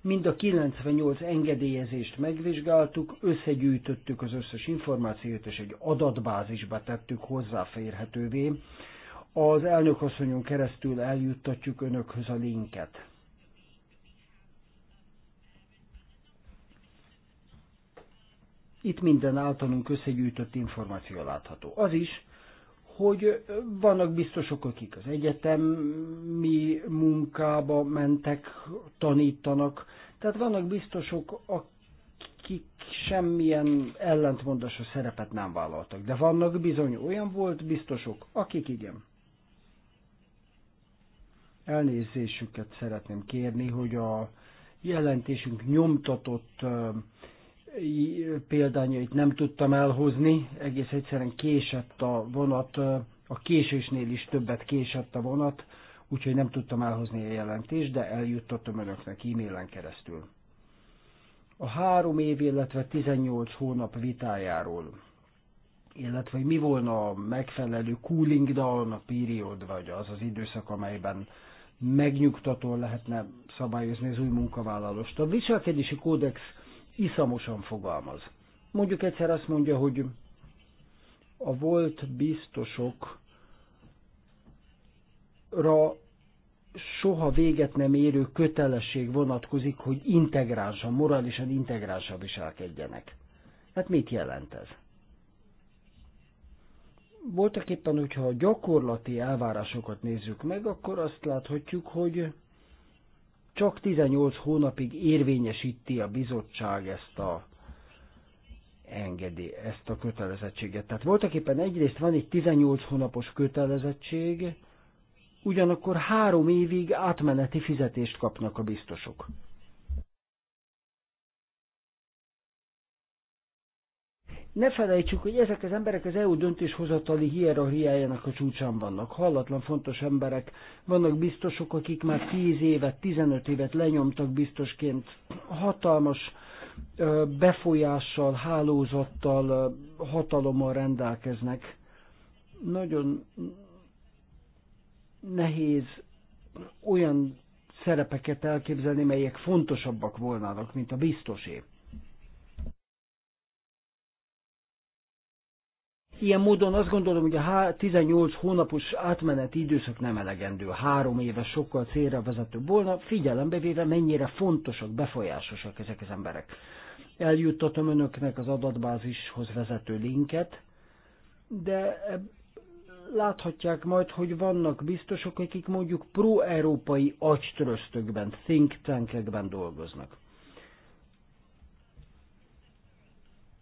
Mind a 98 engedélyezést megvizsgáltuk, összegyűjtöttük az összes információt, és egy adatbázisba tettük hozzáférhetővé. Az elnökasszonyon keresztül eljuttatjuk önökhöz a linket. Itt minden általunk összegyűjtött információ látható. Az is, hogy vannak biztosok, akik az egyetemi munkába mentek, tanítanak, tehát vannak biztosok, akik semmilyen ellentmondásos szerepet nem vállaltak, de vannak bizony olyan volt biztosok, akik igen. Elnézésüket szeretném kérni, hogy a jelentésünk nyomtatott példányait nem tudtam elhozni, egész egyszerűen késett a vonat, a késésnél is többet késett a vonat, úgyhogy nem tudtam elhozni a jelentést, de eljuttatom önöknek e-mailen keresztül. A három év, illetve 18 hónap vitájáról, illetve mi volna a megfelelő cooling down a period, vagy az az időszak, amelyben megnyugtató lehetne szabályozni az új munkavállalóst. A viselkedési kódex iszamosan fogalmaz. Mondjuk egyszer azt mondja, hogy a volt biztosokra soha véget nem érő kötelesség vonatkozik, hogy integránsan, morálisan integránsan viselkedjenek. Hát mit jelent ez? Voltak éppen, hogyha a gyakorlati elvárásokat nézzük meg, akkor azt láthatjuk, hogy csak 18 hónapig érvényesíti a bizottság ezt a engedi ezt a kötelezettséget. Tehát voltak éppen egyrészt van egy 18 hónapos kötelezettség, ugyanakkor három évig átmeneti fizetést kapnak a biztosok. Ne felejtsük, hogy ezek az emberek az EU döntéshozatali hierarchiájának a csúcsán vannak. Hallatlan fontos emberek, vannak biztosok, akik már 10 évet, 15 évet lenyomtak biztosként, hatalmas befolyással, hálózattal, hatalommal rendelkeznek. Nagyon nehéz olyan szerepeket elképzelni, melyek fontosabbak volnának, mint a biztosé. Ilyen módon azt gondolom, hogy a 18 hónapos átmeneti időszak nem elegendő. Három éve sokkal célra vezető volna, figyelembe véve mennyire fontosak, befolyásosak ezek az emberek. Eljuttatom önöknek az adatbázishoz vezető linket, de láthatják majd, hogy vannak biztosok, akik mondjuk pro-európai agytröztökben, think tankekben dolgoznak.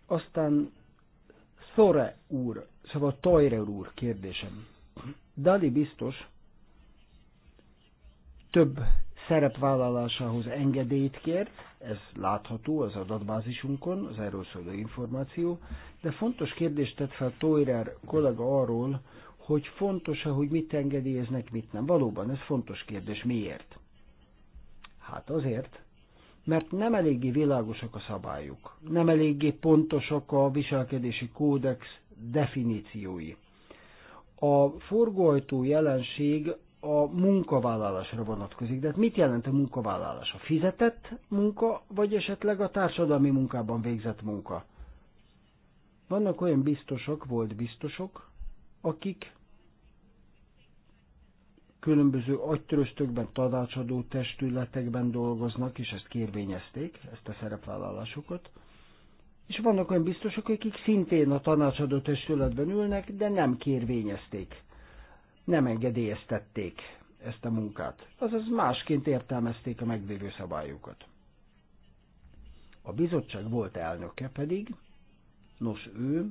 Aztán Szore úr, szóval toire úr kérdésem. Dali biztos több szerepvállalásához engedélyt kért, ez látható az adatbázisunkon, az erről szóló információ, de fontos kérdést tett fel Toirer kollega arról, hogy fontos-e, hogy mit engedélyeznek, mit nem. Valóban ez fontos kérdés. Miért? Hát azért, mert nem eléggé világosak a szabályok, nem eléggé pontosak a viselkedési kódex definíciói. A forgóajtó jelenség a munkavállalásra vonatkozik. De hát mit jelent a munkavállalás? A fizetett munka, vagy esetleg a társadalmi munkában végzett munka? Vannak olyan biztosok, volt biztosok, akik különböző agytöröztökben, tanácsadó testületekben dolgoznak, és ezt kérvényezték, ezt a szerepvállalásukat. És vannak olyan biztosok, akik szintén a tanácsadó testületben ülnek, de nem kérvényezték, nem engedélyeztették ezt a munkát. Azaz másként értelmezték a meglévő szabályokat. A bizottság volt elnöke pedig, nos ő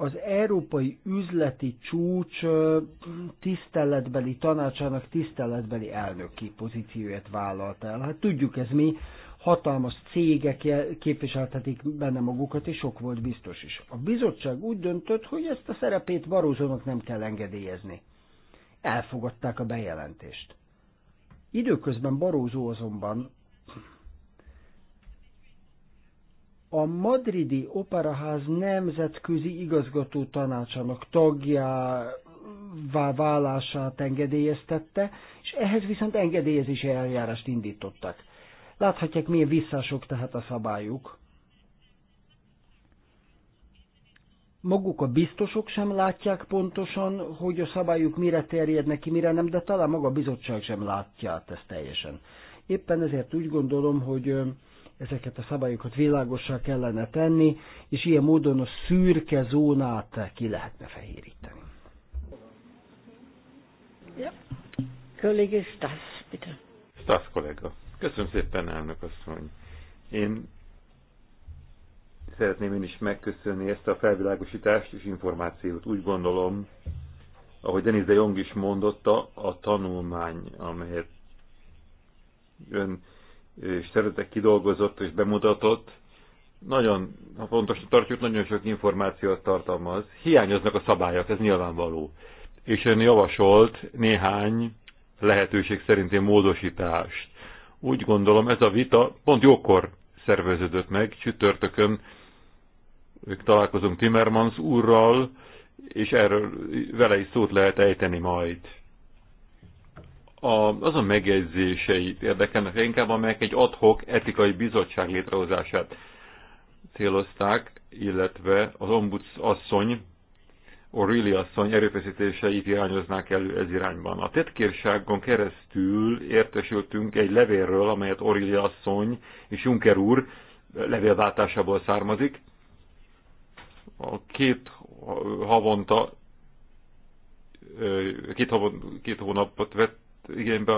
az Európai Üzleti Csúcs tiszteletbeli tanácsának tiszteletbeli elnöki pozícióját vállalt el. Hát tudjuk ez mi, hatalmas cégek képviseltetik benne magukat, és sok volt biztos is. A bizottság úgy döntött, hogy ezt a szerepét Barózónak nem kell engedélyezni. Elfogadták a bejelentést. Időközben Barózó azonban a Madridi Operaház nemzetközi igazgató tanácsának tagjává válását engedélyeztette, és ehhez viszont engedélyezési eljárást indítottak. Láthatják, milyen visszások tehát a szabályuk. Maguk a biztosok sem látják pontosan, hogy a szabályuk mire terjednek ki, mire nem, de talán maga a bizottság sem látja ezt teljesen. Éppen ezért úgy gondolom, hogy ezeket a szabályokat világosra kellene tenni, és ilyen módon a szürke zónát ki lehetne fehéríteni. Ja. Kollégé Stasz, bitte. Stasz kollega. Köszönöm szépen, elnök asszony. Én szeretném én is megköszönni ezt a felvilágosítást és információt. Úgy gondolom, ahogy Denis de Jong is mondotta, a tanulmány, amelyet ön és szeretek kidolgozott és bemutatott. Nagyon fontos tartjuk, nagyon sok információt tartalmaz. Hiányoznak a szabályok, ez nyilvánvaló. És ön javasolt néhány lehetőség szerinti módosítást. Úgy gondolom, ez a vita pont jókor szerveződött meg, csütörtökön találkozunk Timmermans úrral, és erről vele is szót lehet ejteni majd a, a megjegyzéseit érdekelnek inkább, amelyek egy adhok etikai bizottság létrehozását célozták, illetve az ombuds asszony, O'Reilly asszony erőfeszítéseit irányoznák elő ez irányban. A tetkérságon keresztül értesültünk egy levélről, amelyet O'Reilly asszony és Juncker úr levélváltásából származik. A két havonta két, havon, két hónapot vett igénybe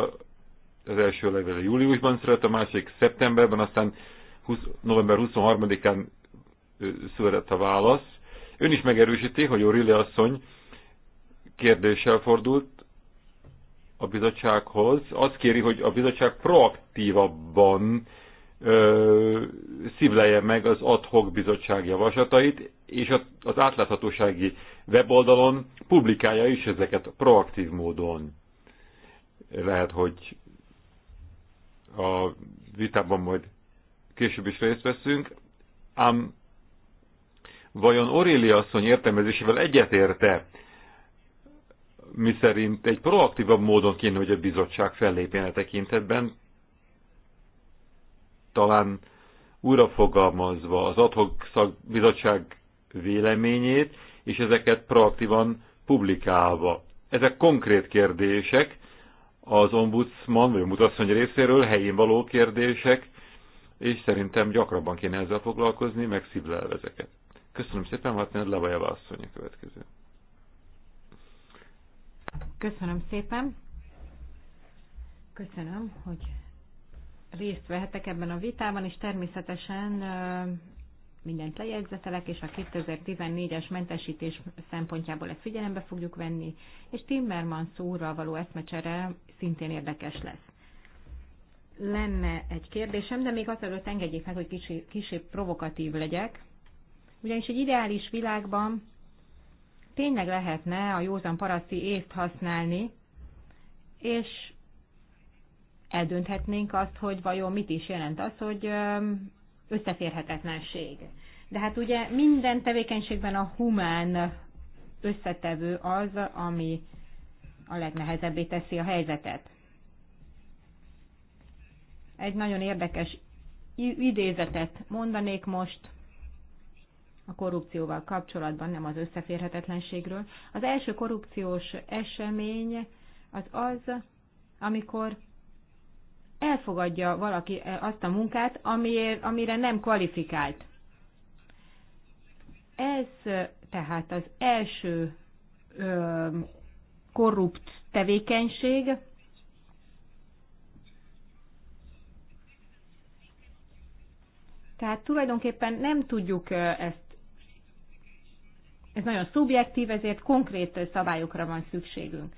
az első levél júliusban született, a másik szeptemberben, aztán 20, november 23-án született a válasz. Ön is megerősíti, hogy Aurélia asszony kérdéssel fordult a bizottsághoz. Azt kéri, hogy a bizottság proaktívabban ö, szívleje meg az adhok bizottság javaslatait, és az átláthatósági weboldalon publikálja is ezeket proaktív módon. Lehet, hogy a vitában majd később is részt veszünk, ám vajon Aurélia asszony értelmezésével egyetérte, mi szerint egy proaktívabb módon kéne, hogy a bizottság fellépjen a e tekintetben, talán újrafogalmazva az adhok bizottság véleményét, és ezeket proaktívan publikálva. Ezek konkrét kérdések, az ombudsman, vagy a mutasszony részéről helyén való kérdések, és szerintem gyakrabban kéne ezzel foglalkozni, meg szívlelve ezeket. Köszönöm szépen, Martin a asszony a következő. Köszönöm szépen. Köszönöm, hogy részt vehetek ebben a vitában, és természetesen mindent lejegyzetelek, és a 2014-es mentesítés szempontjából ezt figyelembe fogjuk venni, és Timmermans úrral való eszmecsere szintén érdekes lesz. Lenne egy kérdésem, de még azelőtt engedjék meg, hogy kicsit provokatív legyek. Ugyanis egy ideális világban tényleg lehetne a józan paraszti észt használni, és eldönthetnénk azt, hogy vajon mit is jelent az, hogy összeférhetetlenség. De hát ugye minden tevékenységben a humán összetevő az, ami a legnehezebbé teszi a helyzetet. Egy nagyon érdekes idézetet mondanék most a korrupcióval kapcsolatban, nem az összeférhetetlenségről. Az első korrupciós esemény az az, amikor elfogadja valaki e, azt a munkát, amiért, amire nem kvalifikált. Ez tehát az első korrupt tevékenység, Tehát tulajdonképpen nem tudjuk ezt, ez nagyon szubjektív, ezért konkrét szabályokra van szükségünk.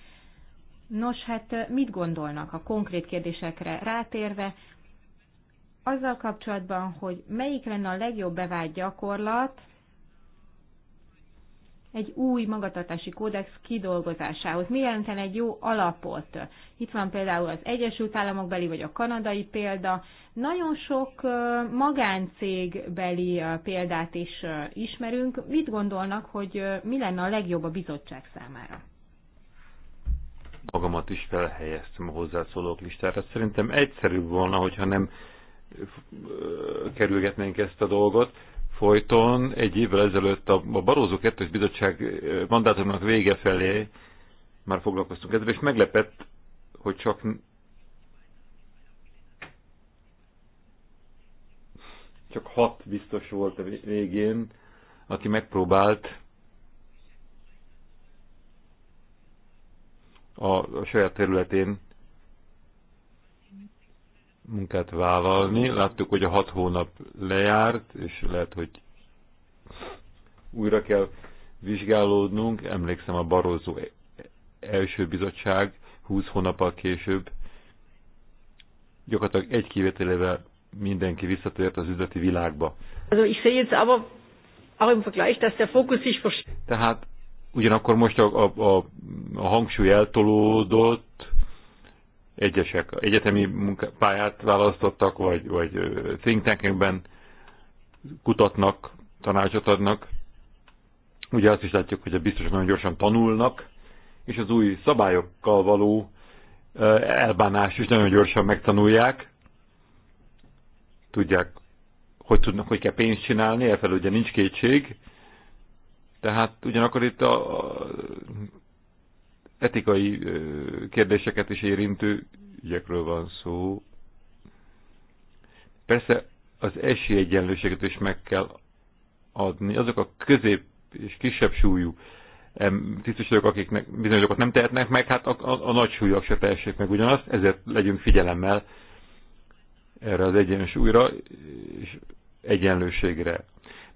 Nos, hát mit gondolnak a konkrét kérdésekre rátérve? Azzal kapcsolatban, hogy melyik lenne a legjobb bevált gyakorlat, egy új magatartási kódex kidolgozásához. Mi jelenten egy jó alapot? Itt van például az Egyesült Államok beli vagy a kanadai példa. Nagyon sok magáncég beli példát is ismerünk. Mit gondolnak, hogy mi lenne a legjobb a bizottság számára? Magamat is felhelyeztem a hozzászólók listára. Szerintem egyszerűbb volna, hogyha nem kerülgetnénk ezt a dolgot folyton egy évvel ezelőtt a Barózó 2 bizottság mandátumnak vége felé már foglalkoztunk ezzel, és meglepett, hogy csak csak hat biztos volt a végén, aki megpróbált a, a saját területén munkát vállalni. Láttuk, hogy a hat hónap lejárt, és lehet, hogy újra kell vizsgálódnunk. Emlékszem, a Barózó e- első bizottság 20 hónappal később gyakorlatilag egy kivételével mindenki visszatért az üzleti világba. Also ich sehe jetzt aber auch im Vergleich, dass der Fokus sich Tehát ugyanakkor most a, a, a, a hangsúly eltolódott, Egyesek egyetemi pályát választottak, vagy, vagy think tankekben kutatnak, tanácsot adnak. Ugye azt is látjuk, hogy a biztosok nagyon gyorsan tanulnak, és az új szabályokkal való elbánás is nagyon gyorsan megtanulják. Tudják, hogy tudnak, hogy kell pénzt csinálni, elfelől ugye nincs kétség. Tehát ugyanakkor itt a, a etikai kérdéseket is érintő ügyekről van szó. Persze az esélyegyenlőséget is meg kell adni. Azok a közép és kisebb súlyú tisztviselők, akiknek bizonyosokat nem tehetnek meg, hát a, a, a nagy súlyok se tehessék meg ugyanazt, ezért legyünk figyelemmel erre az egyensúlyra és egyenlőségre.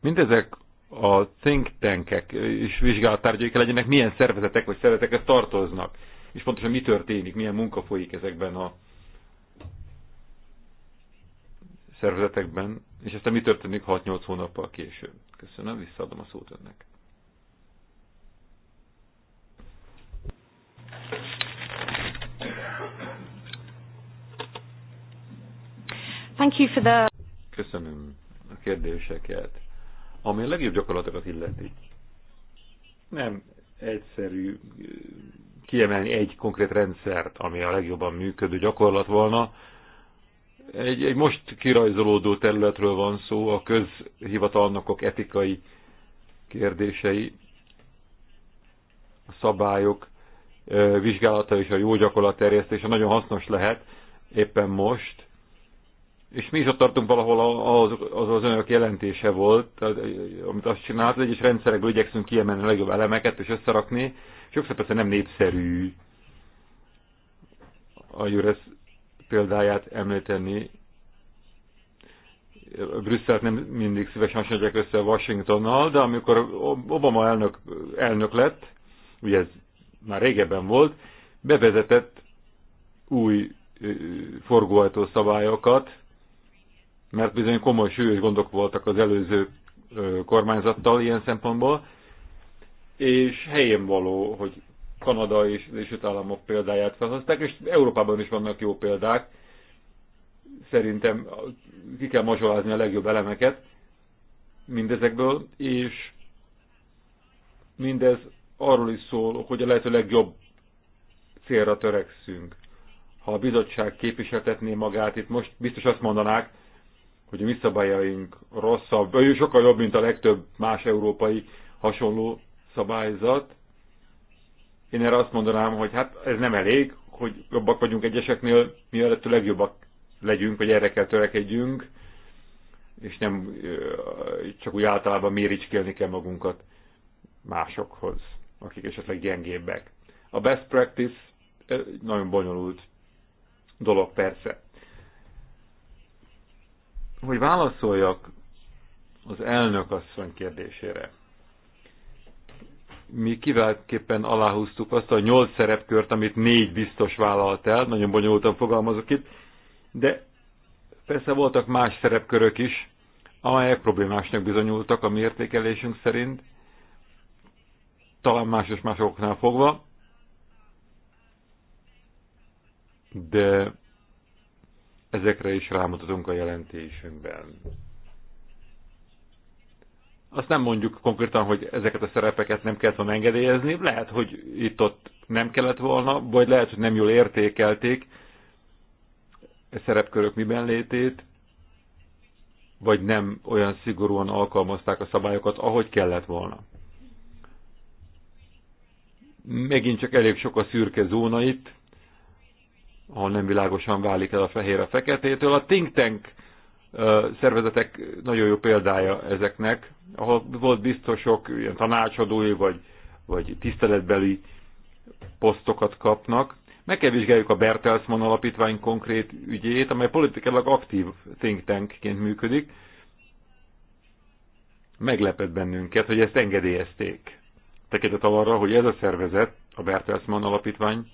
Mindezek a think tankek és vizsgálattárgyaik legyenek, milyen szervezetek vagy szervezetekhez tartoznak, és pontosan mi történik, milyen munka folyik ezekben a szervezetekben, és aztán mi történik 6-8 hónappal később. Köszönöm, visszaadom a szót önnek. Thank you for the... Köszönöm a kérdéseket ami a legjobb gyakorlatokat illeti. Nem egyszerű kiemelni egy konkrét rendszert, ami a legjobban működő gyakorlat volna. Egy, egy most kirajzolódó területről van szó, a közhivatalnokok etikai kérdései, a szabályok vizsgálata és a jó gyakorlat terjesztése nagyon hasznos lehet éppen most, és mi is ott tartunk valahol, az az, az önök jelentése volt, amit azt csinált, egyes rendszerekből igyekszünk kiemelni a legjobb elemeket és összerakni, sokszor persze nem népszerű a Juresz példáját említeni. Brüsszelt nem mindig szívesen hasonlítják össze Washingtonnal, de amikor Obama elnök, elnök lett, ugye ez már régebben volt, bevezetett új forgóajtó szabályokat, mert bizony komoly súlyos gondok voltak az előző kormányzattal ilyen szempontból, és helyén való, hogy Kanada és az Egyesült Államok példáját felhozták, és Európában is vannak jó példák. Szerintem ki kell mazsolázni a legjobb elemeket mindezekből, és mindez arról is szól, hogy a lehető legjobb célra törekszünk. Ha a bizottság képviseltetné magát, itt most biztos azt mondanák, hogy a mi szabályaink rosszabb, sokkal jobb, mint a legtöbb más európai hasonló szabályzat. Én erre azt mondanám, hogy hát ez nem elég, hogy jobbak vagyunk egyeseknél, mi a legjobbak legyünk, vagy erre kell törekedjünk, és nem csak úgy általában méricskélni kell magunkat másokhoz, akik esetleg gyengébbek. A best practice nagyon bonyolult dolog persze hogy válaszoljak az elnök asszony kérdésére. Mi kiváltképpen aláhúztuk azt a nyolc szerepkört, amit négy biztos vállalt el, nagyon bonyolultan fogalmazok itt, de persze voltak más szerepkörök is, amelyek problémásnak bizonyultak a mi értékelésünk szerint, talán más és másoknál fogva, de Ezekre is rámutatunk a jelentésünkben. Azt nem mondjuk konkrétan, hogy ezeket a szerepeket nem kellett volna engedélyezni, lehet, hogy itt-ott nem kellett volna, vagy lehet, hogy nem jól értékelték a e szerepkörök miben létét, vagy nem olyan szigorúan alkalmazták a szabályokat, ahogy kellett volna. Megint csak elég sok a szürke zóna itt, ahol nem világosan válik el a fehér a feketétől. A think tank szervezetek nagyon jó példája ezeknek, ahol volt biztosok, ilyen tanácsadói vagy, vagy tiszteletbeli posztokat kapnak. Meg kell vizsgáljuk a Bertelsmann alapítvány konkrét ügyét, amely politikailag aktív think tankként működik. Meglepett bennünket, hogy ezt engedélyezték. Tekintet arra, hogy ez a szervezet, a Bertelsmann alapítvány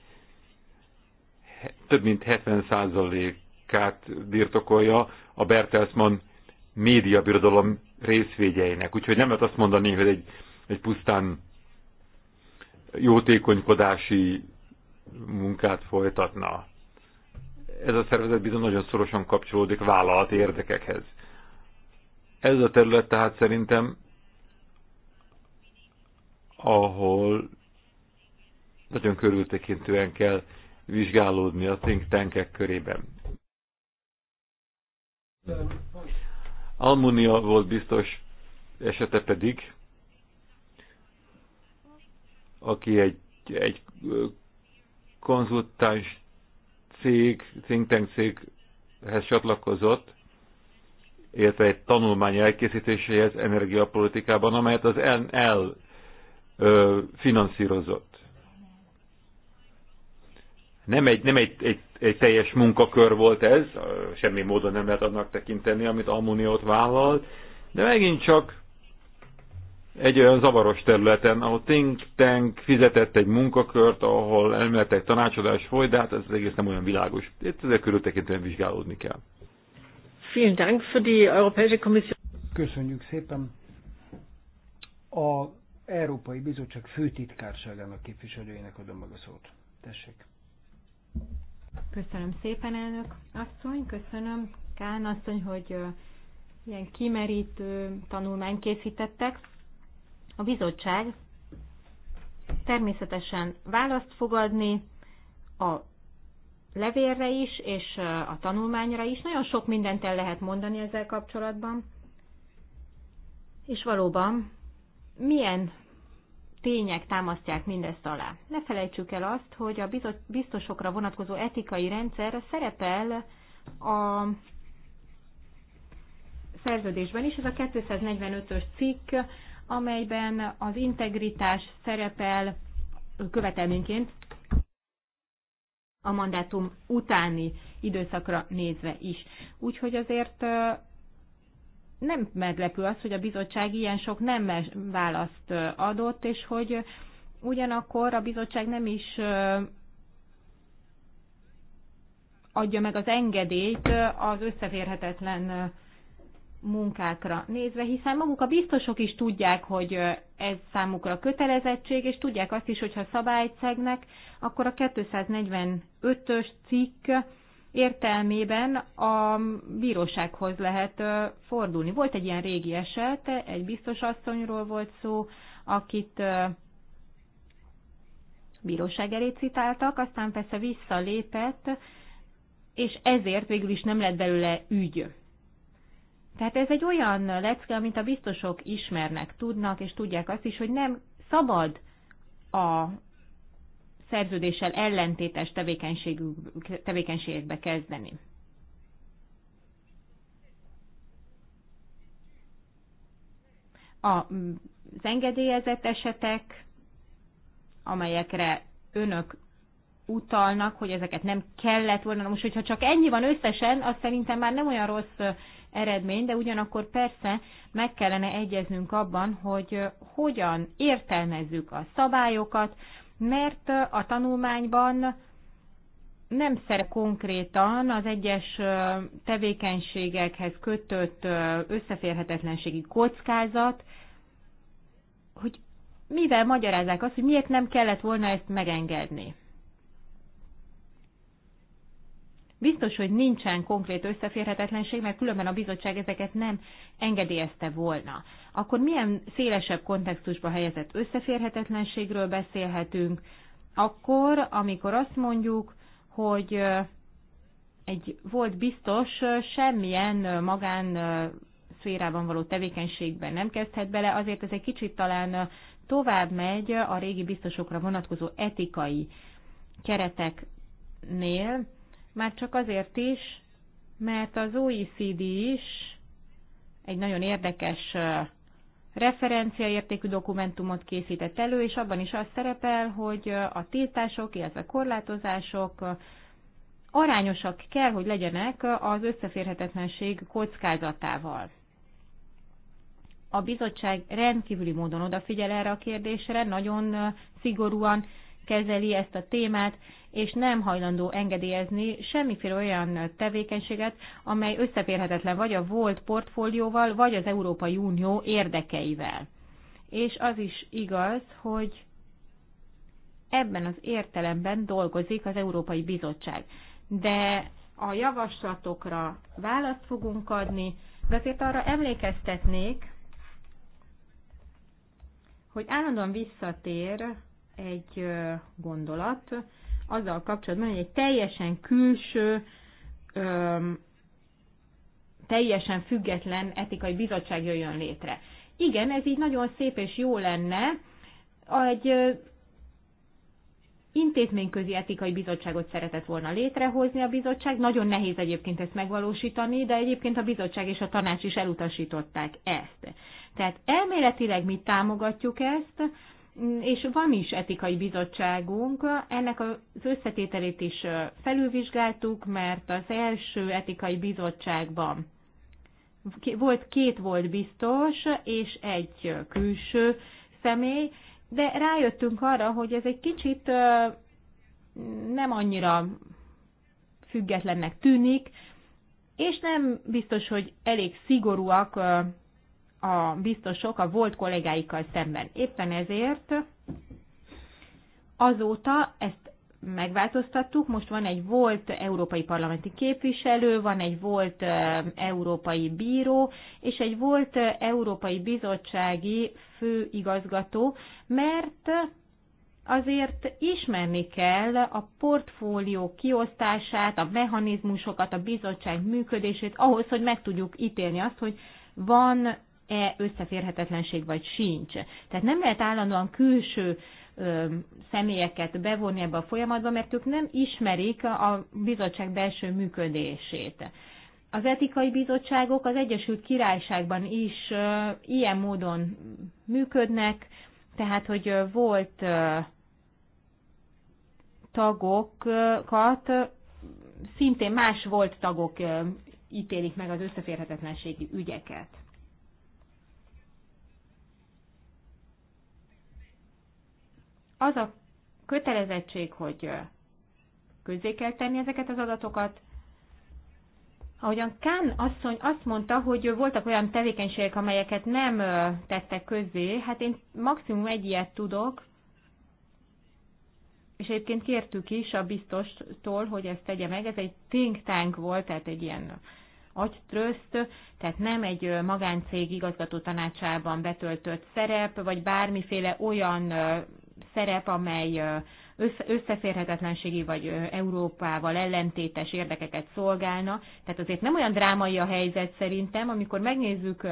több mint 70%-át birtokolja a Bertelsmann média birodalom részvényeinek. Úgyhogy nem lehet azt mondani, hogy egy, egy pusztán jótékonykodási munkát folytatna. Ez a szervezet bizony nagyon szorosan kapcsolódik vállalati érdekekhez. Ez a terület tehát szerintem, ahol nagyon körültekintően kell vizsgálódni a think tankek körében. Almunia volt biztos esete pedig, aki egy, egy konzultáns cég, think tank céghez csatlakozott, illetve egy tanulmány elkészítéséhez energiapolitikában, amelyet az NL ö, finanszírozott. Nem egy, nem egy, egy, egy teljes munkakör volt ez, semmi módon nem lehet annak tekinteni, amit Almuniót vállal, de megint csak egy olyan zavaros területen, ahol think tank fizetett egy munkakört, ahol elméletek tanácsadás folyt, de hát ez az egész nem olyan világos. Itt körül tekintően vizsgálódni kell. Köszönjük szépen. A Európai Bizottság főtitkárságának képviselőjének adom meg a szót. Tessék. Köszönöm szépen, elnök asszony, köszönöm Kán asszony, hogy ilyen kimerítő tanulmányt készítettek. A bizottság természetesen választ fogadni a levélre is, és a tanulmányra is. Nagyon sok mindent el lehet mondani ezzel kapcsolatban. És valóban, milyen tények támasztják mindezt alá. Ne felejtsük el azt, hogy a biztosokra vonatkozó etikai rendszer szerepel a szerződésben is, ez a 245-ös cikk, amelyben az integritás szerepel követelményként a mandátum utáni időszakra nézve is. Úgyhogy azért nem meglepő az, hogy a bizottság ilyen sok nem választ adott, és hogy ugyanakkor a bizottság nem is adja meg az engedélyt az összeférhetetlen munkákra nézve, hiszen maguk a biztosok is tudják, hogy ez számukra kötelezettség, és tudják azt is, hogyha szabályt szegnek, akkor a 245-ös cikk értelmében a bírósághoz lehet fordulni. Volt egy ilyen régi eset, egy biztos asszonyról volt szó, akit bíróság elé citáltak, aztán persze visszalépett, és ezért végül is nem lett belőle ügy. Tehát ez egy olyan lecke, amit a biztosok ismernek, tudnak, és tudják azt is, hogy nem szabad a szerződéssel ellentétes tevékenységekbe kezdeni. Az engedélyezett esetek, amelyekre önök utalnak, hogy ezeket nem kellett volna. Most, hogyha csak ennyi van összesen, az szerintem már nem olyan rossz eredmény, de ugyanakkor persze meg kellene egyeznünk abban, hogy hogyan értelmezzük a szabályokat, mert a tanulmányban nem szerep konkrétan az egyes tevékenységekhez kötött összeférhetetlenségi kockázat, hogy mivel magyarázzák azt, hogy miért nem kellett volna ezt megengedni. Biztos, hogy nincsen konkrét összeférhetetlenség, mert különben a bizottság ezeket nem engedélyezte volna. Akkor milyen szélesebb kontextusba helyezett összeférhetetlenségről beszélhetünk? Akkor, amikor azt mondjuk, hogy egy volt biztos semmilyen magán szférában való tevékenységben nem kezdhet bele, azért ez egy kicsit talán tovább megy a régi biztosokra vonatkozó etikai kereteknél, már csak azért is, mert az OECD is egy nagyon érdekes referenciaértékű dokumentumot készített elő, és abban is az szerepel, hogy a tiltások, illetve a korlátozások arányosak kell, hogy legyenek az összeférhetetlenség kockázatával. A bizottság rendkívüli módon odafigyel erre a kérdésre, nagyon szigorúan kezeli ezt a témát, és nem hajlandó engedélyezni semmiféle olyan tevékenységet, amely összeférhetetlen vagy a volt portfólióval, vagy az Európai Unió érdekeivel. És az is igaz, hogy ebben az értelemben dolgozik az Európai Bizottság. De a javaslatokra választ fogunk adni, de azért arra emlékeztetnék, hogy állandóan visszatér egy gondolat, azzal kapcsolatban, hogy egy teljesen külső, öm, teljesen független etikai bizottság jöjjön létre. Igen, ez így nagyon szép és jó lenne. Egy intézményközi etikai bizottságot szeretett volna létrehozni a bizottság. Nagyon nehéz egyébként ezt megvalósítani, de egyébként a bizottság és a tanács is elutasították ezt. Tehát elméletileg mi támogatjuk ezt, és van is etikai bizottságunk, ennek az összetételét is felülvizsgáltuk, mert az első etikai bizottságban volt két volt biztos, és egy külső személy, de rájöttünk arra, hogy ez egy kicsit nem annyira függetlennek tűnik, és nem biztos, hogy elég szigorúak a biztosok a volt kollégáikkal szemben. Éppen ezért azóta ezt megváltoztattuk, most van egy volt európai parlamenti képviselő, van egy volt európai bíró, és egy volt európai bizottsági főigazgató, mert azért ismerni kell a portfólió kiosztását, a mechanizmusokat, a bizottság működését, ahhoz, hogy meg tudjuk ítélni azt, hogy van e összeférhetetlenség vagy sincs. Tehát nem lehet állandóan külső ö, személyeket bevonni ebbe a folyamatba, mert ők nem ismerik a bizottság belső működését. Az etikai bizottságok az Egyesült Királyságban is ö, ilyen módon működnek, tehát hogy volt ö, tagokat, szintén más volt tagok ítélik meg az összeférhetetlenségi ügyeket. az a kötelezettség, hogy közé kell tenni ezeket az adatokat. Ahogyan Kán asszony azt mondta, hogy voltak olyan tevékenységek, amelyeket nem tettek közzé, hát én maximum egy ilyet tudok, és egyébként kértük is a biztostól, hogy ezt tegye meg. Ez egy think tank volt, tehát egy ilyen agytrözt, tehát nem egy magáncég igazgató tanácsában betöltött szerep, vagy bármiféle olyan szerep, amely összeférhetetlenségi vagy Európával ellentétes érdekeket szolgálna. Tehát azért nem olyan drámai a helyzet szerintem, amikor megnézzük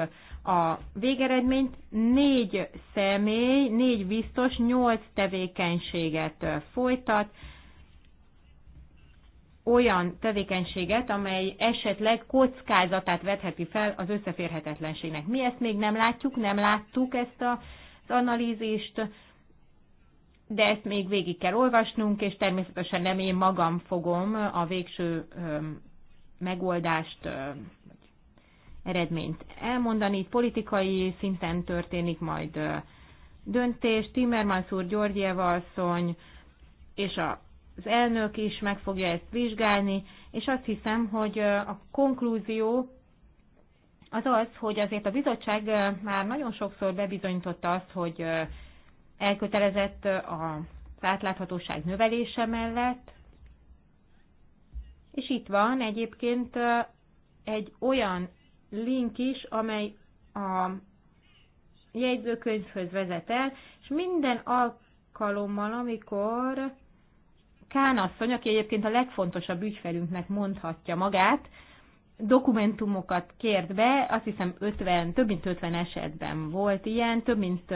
a végeredményt, négy személy, négy biztos, nyolc tevékenységet folytat, olyan tevékenységet, amely esetleg kockázatát vetheti fel az összeférhetetlenségnek. Mi ezt még nem látjuk, nem láttuk ezt a, az analízist, de ezt még végig kell olvasnunk, és természetesen nem én magam fogom a végső megoldást, eredményt elmondani. Politikai szinten történik majd döntés. Timmermans úr, Györgyeva asszony és az elnök is meg fogja ezt vizsgálni, és azt hiszem, hogy a konklúzió az az, hogy azért a bizottság már nagyon sokszor bebizonyította azt, hogy elkötelezett a átláthatóság növelése mellett, és itt van egyébként egy olyan link is, amely a jegyzőkönyvhöz vezet el, és minden alkalommal, amikor Kán asszony, aki egyébként a legfontosabb ügyfelünknek mondhatja magát, dokumentumokat kért be, azt hiszem 50, több mint 50 esetben volt ilyen, több mint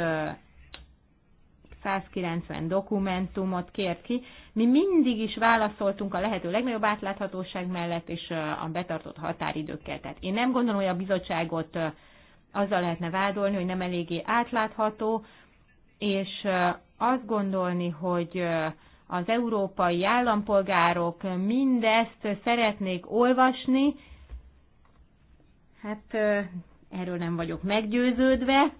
190 dokumentumot kért ki. Mi mindig is válaszoltunk a lehető legnagyobb átláthatóság mellett és a betartott határidőkkel. Tehát én nem gondolom, hogy a bizottságot azzal lehetne vádolni, hogy nem eléggé átlátható, és azt gondolni, hogy az európai állampolgárok mindezt szeretnék olvasni, hát erről nem vagyok meggyőződve,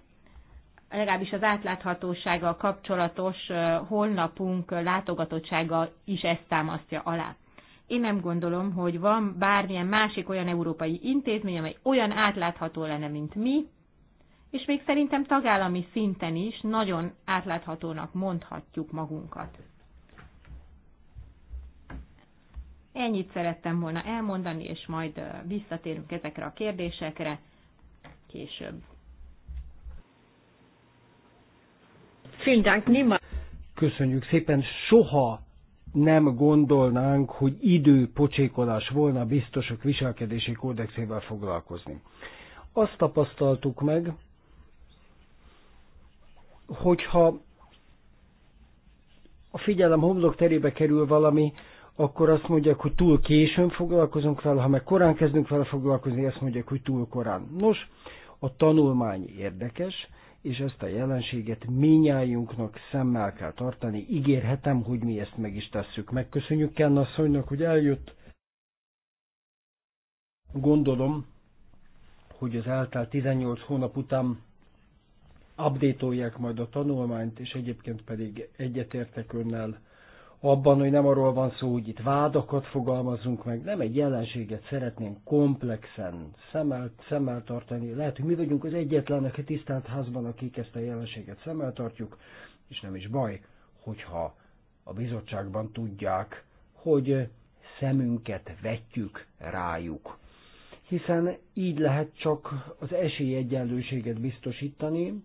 legalábbis az átláthatósággal kapcsolatos holnapunk látogatottsága is ezt támasztja alá. Én nem gondolom, hogy van bármilyen másik olyan európai intézmény, amely olyan átlátható lenne, mint mi, és még szerintem tagállami szinten is nagyon átláthatónak mondhatjuk magunkat. Ennyit szerettem volna elmondani, és majd visszatérünk ezekre a kérdésekre később. Köszönjük szépen, soha nem gondolnánk, hogy időpocsékolás volna biztosok viselkedési kódexével foglalkozni. Azt tapasztaltuk meg, hogyha a figyelem homlok terébe kerül valami, akkor azt mondják, hogy túl későn foglalkozunk vele, ha meg korán kezdünk vele foglalkozni, azt mondják, hogy túl korán. Nos, a tanulmány érdekes, és ezt a jelenséget minnyájunknak szemmel kell tartani. Ígérhetem, hogy mi ezt meg is tesszük. Megköszönjük Kenna asszonynak, hogy eljött. Gondolom, hogy az eltelt 18 hónap után updateolják majd a tanulmányt, és egyébként pedig egyetértek önnel, abban, hogy nem arról van szó, hogy itt vádakat fogalmazunk meg, nem egy jelenséget szeretnénk komplexen szemmel, szemmel tartani. Lehet, hogy mi vagyunk az egyetlenek a tisztelt házban, akik ezt a jelenséget szemmel tartjuk, és nem is baj, hogyha a bizottságban tudják, hogy szemünket vetjük rájuk. Hiszen így lehet csak az esélyegyenlőséget biztosítani,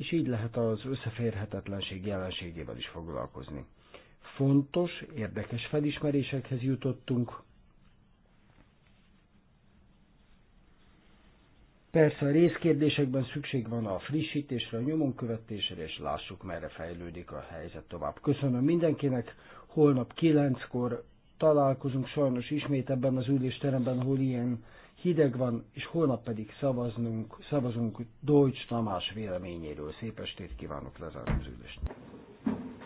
és így lehet az összeférhetetlenség jelenségével is foglalkozni. Fontos, érdekes felismerésekhez jutottunk. Persze a részkérdésekben szükség van a frissítésre, a nyomon követésre, és lássuk, merre fejlődik a helyzet tovább. Köszönöm mindenkinek, holnap kilenckor találkozunk sajnos ismét ebben az ülésteremben, hol ilyen hideg van, és holnap pedig szavazunk, szavazunk Deutsch Tamás véleményéről. Szép estét kívánok lezárni az ülést.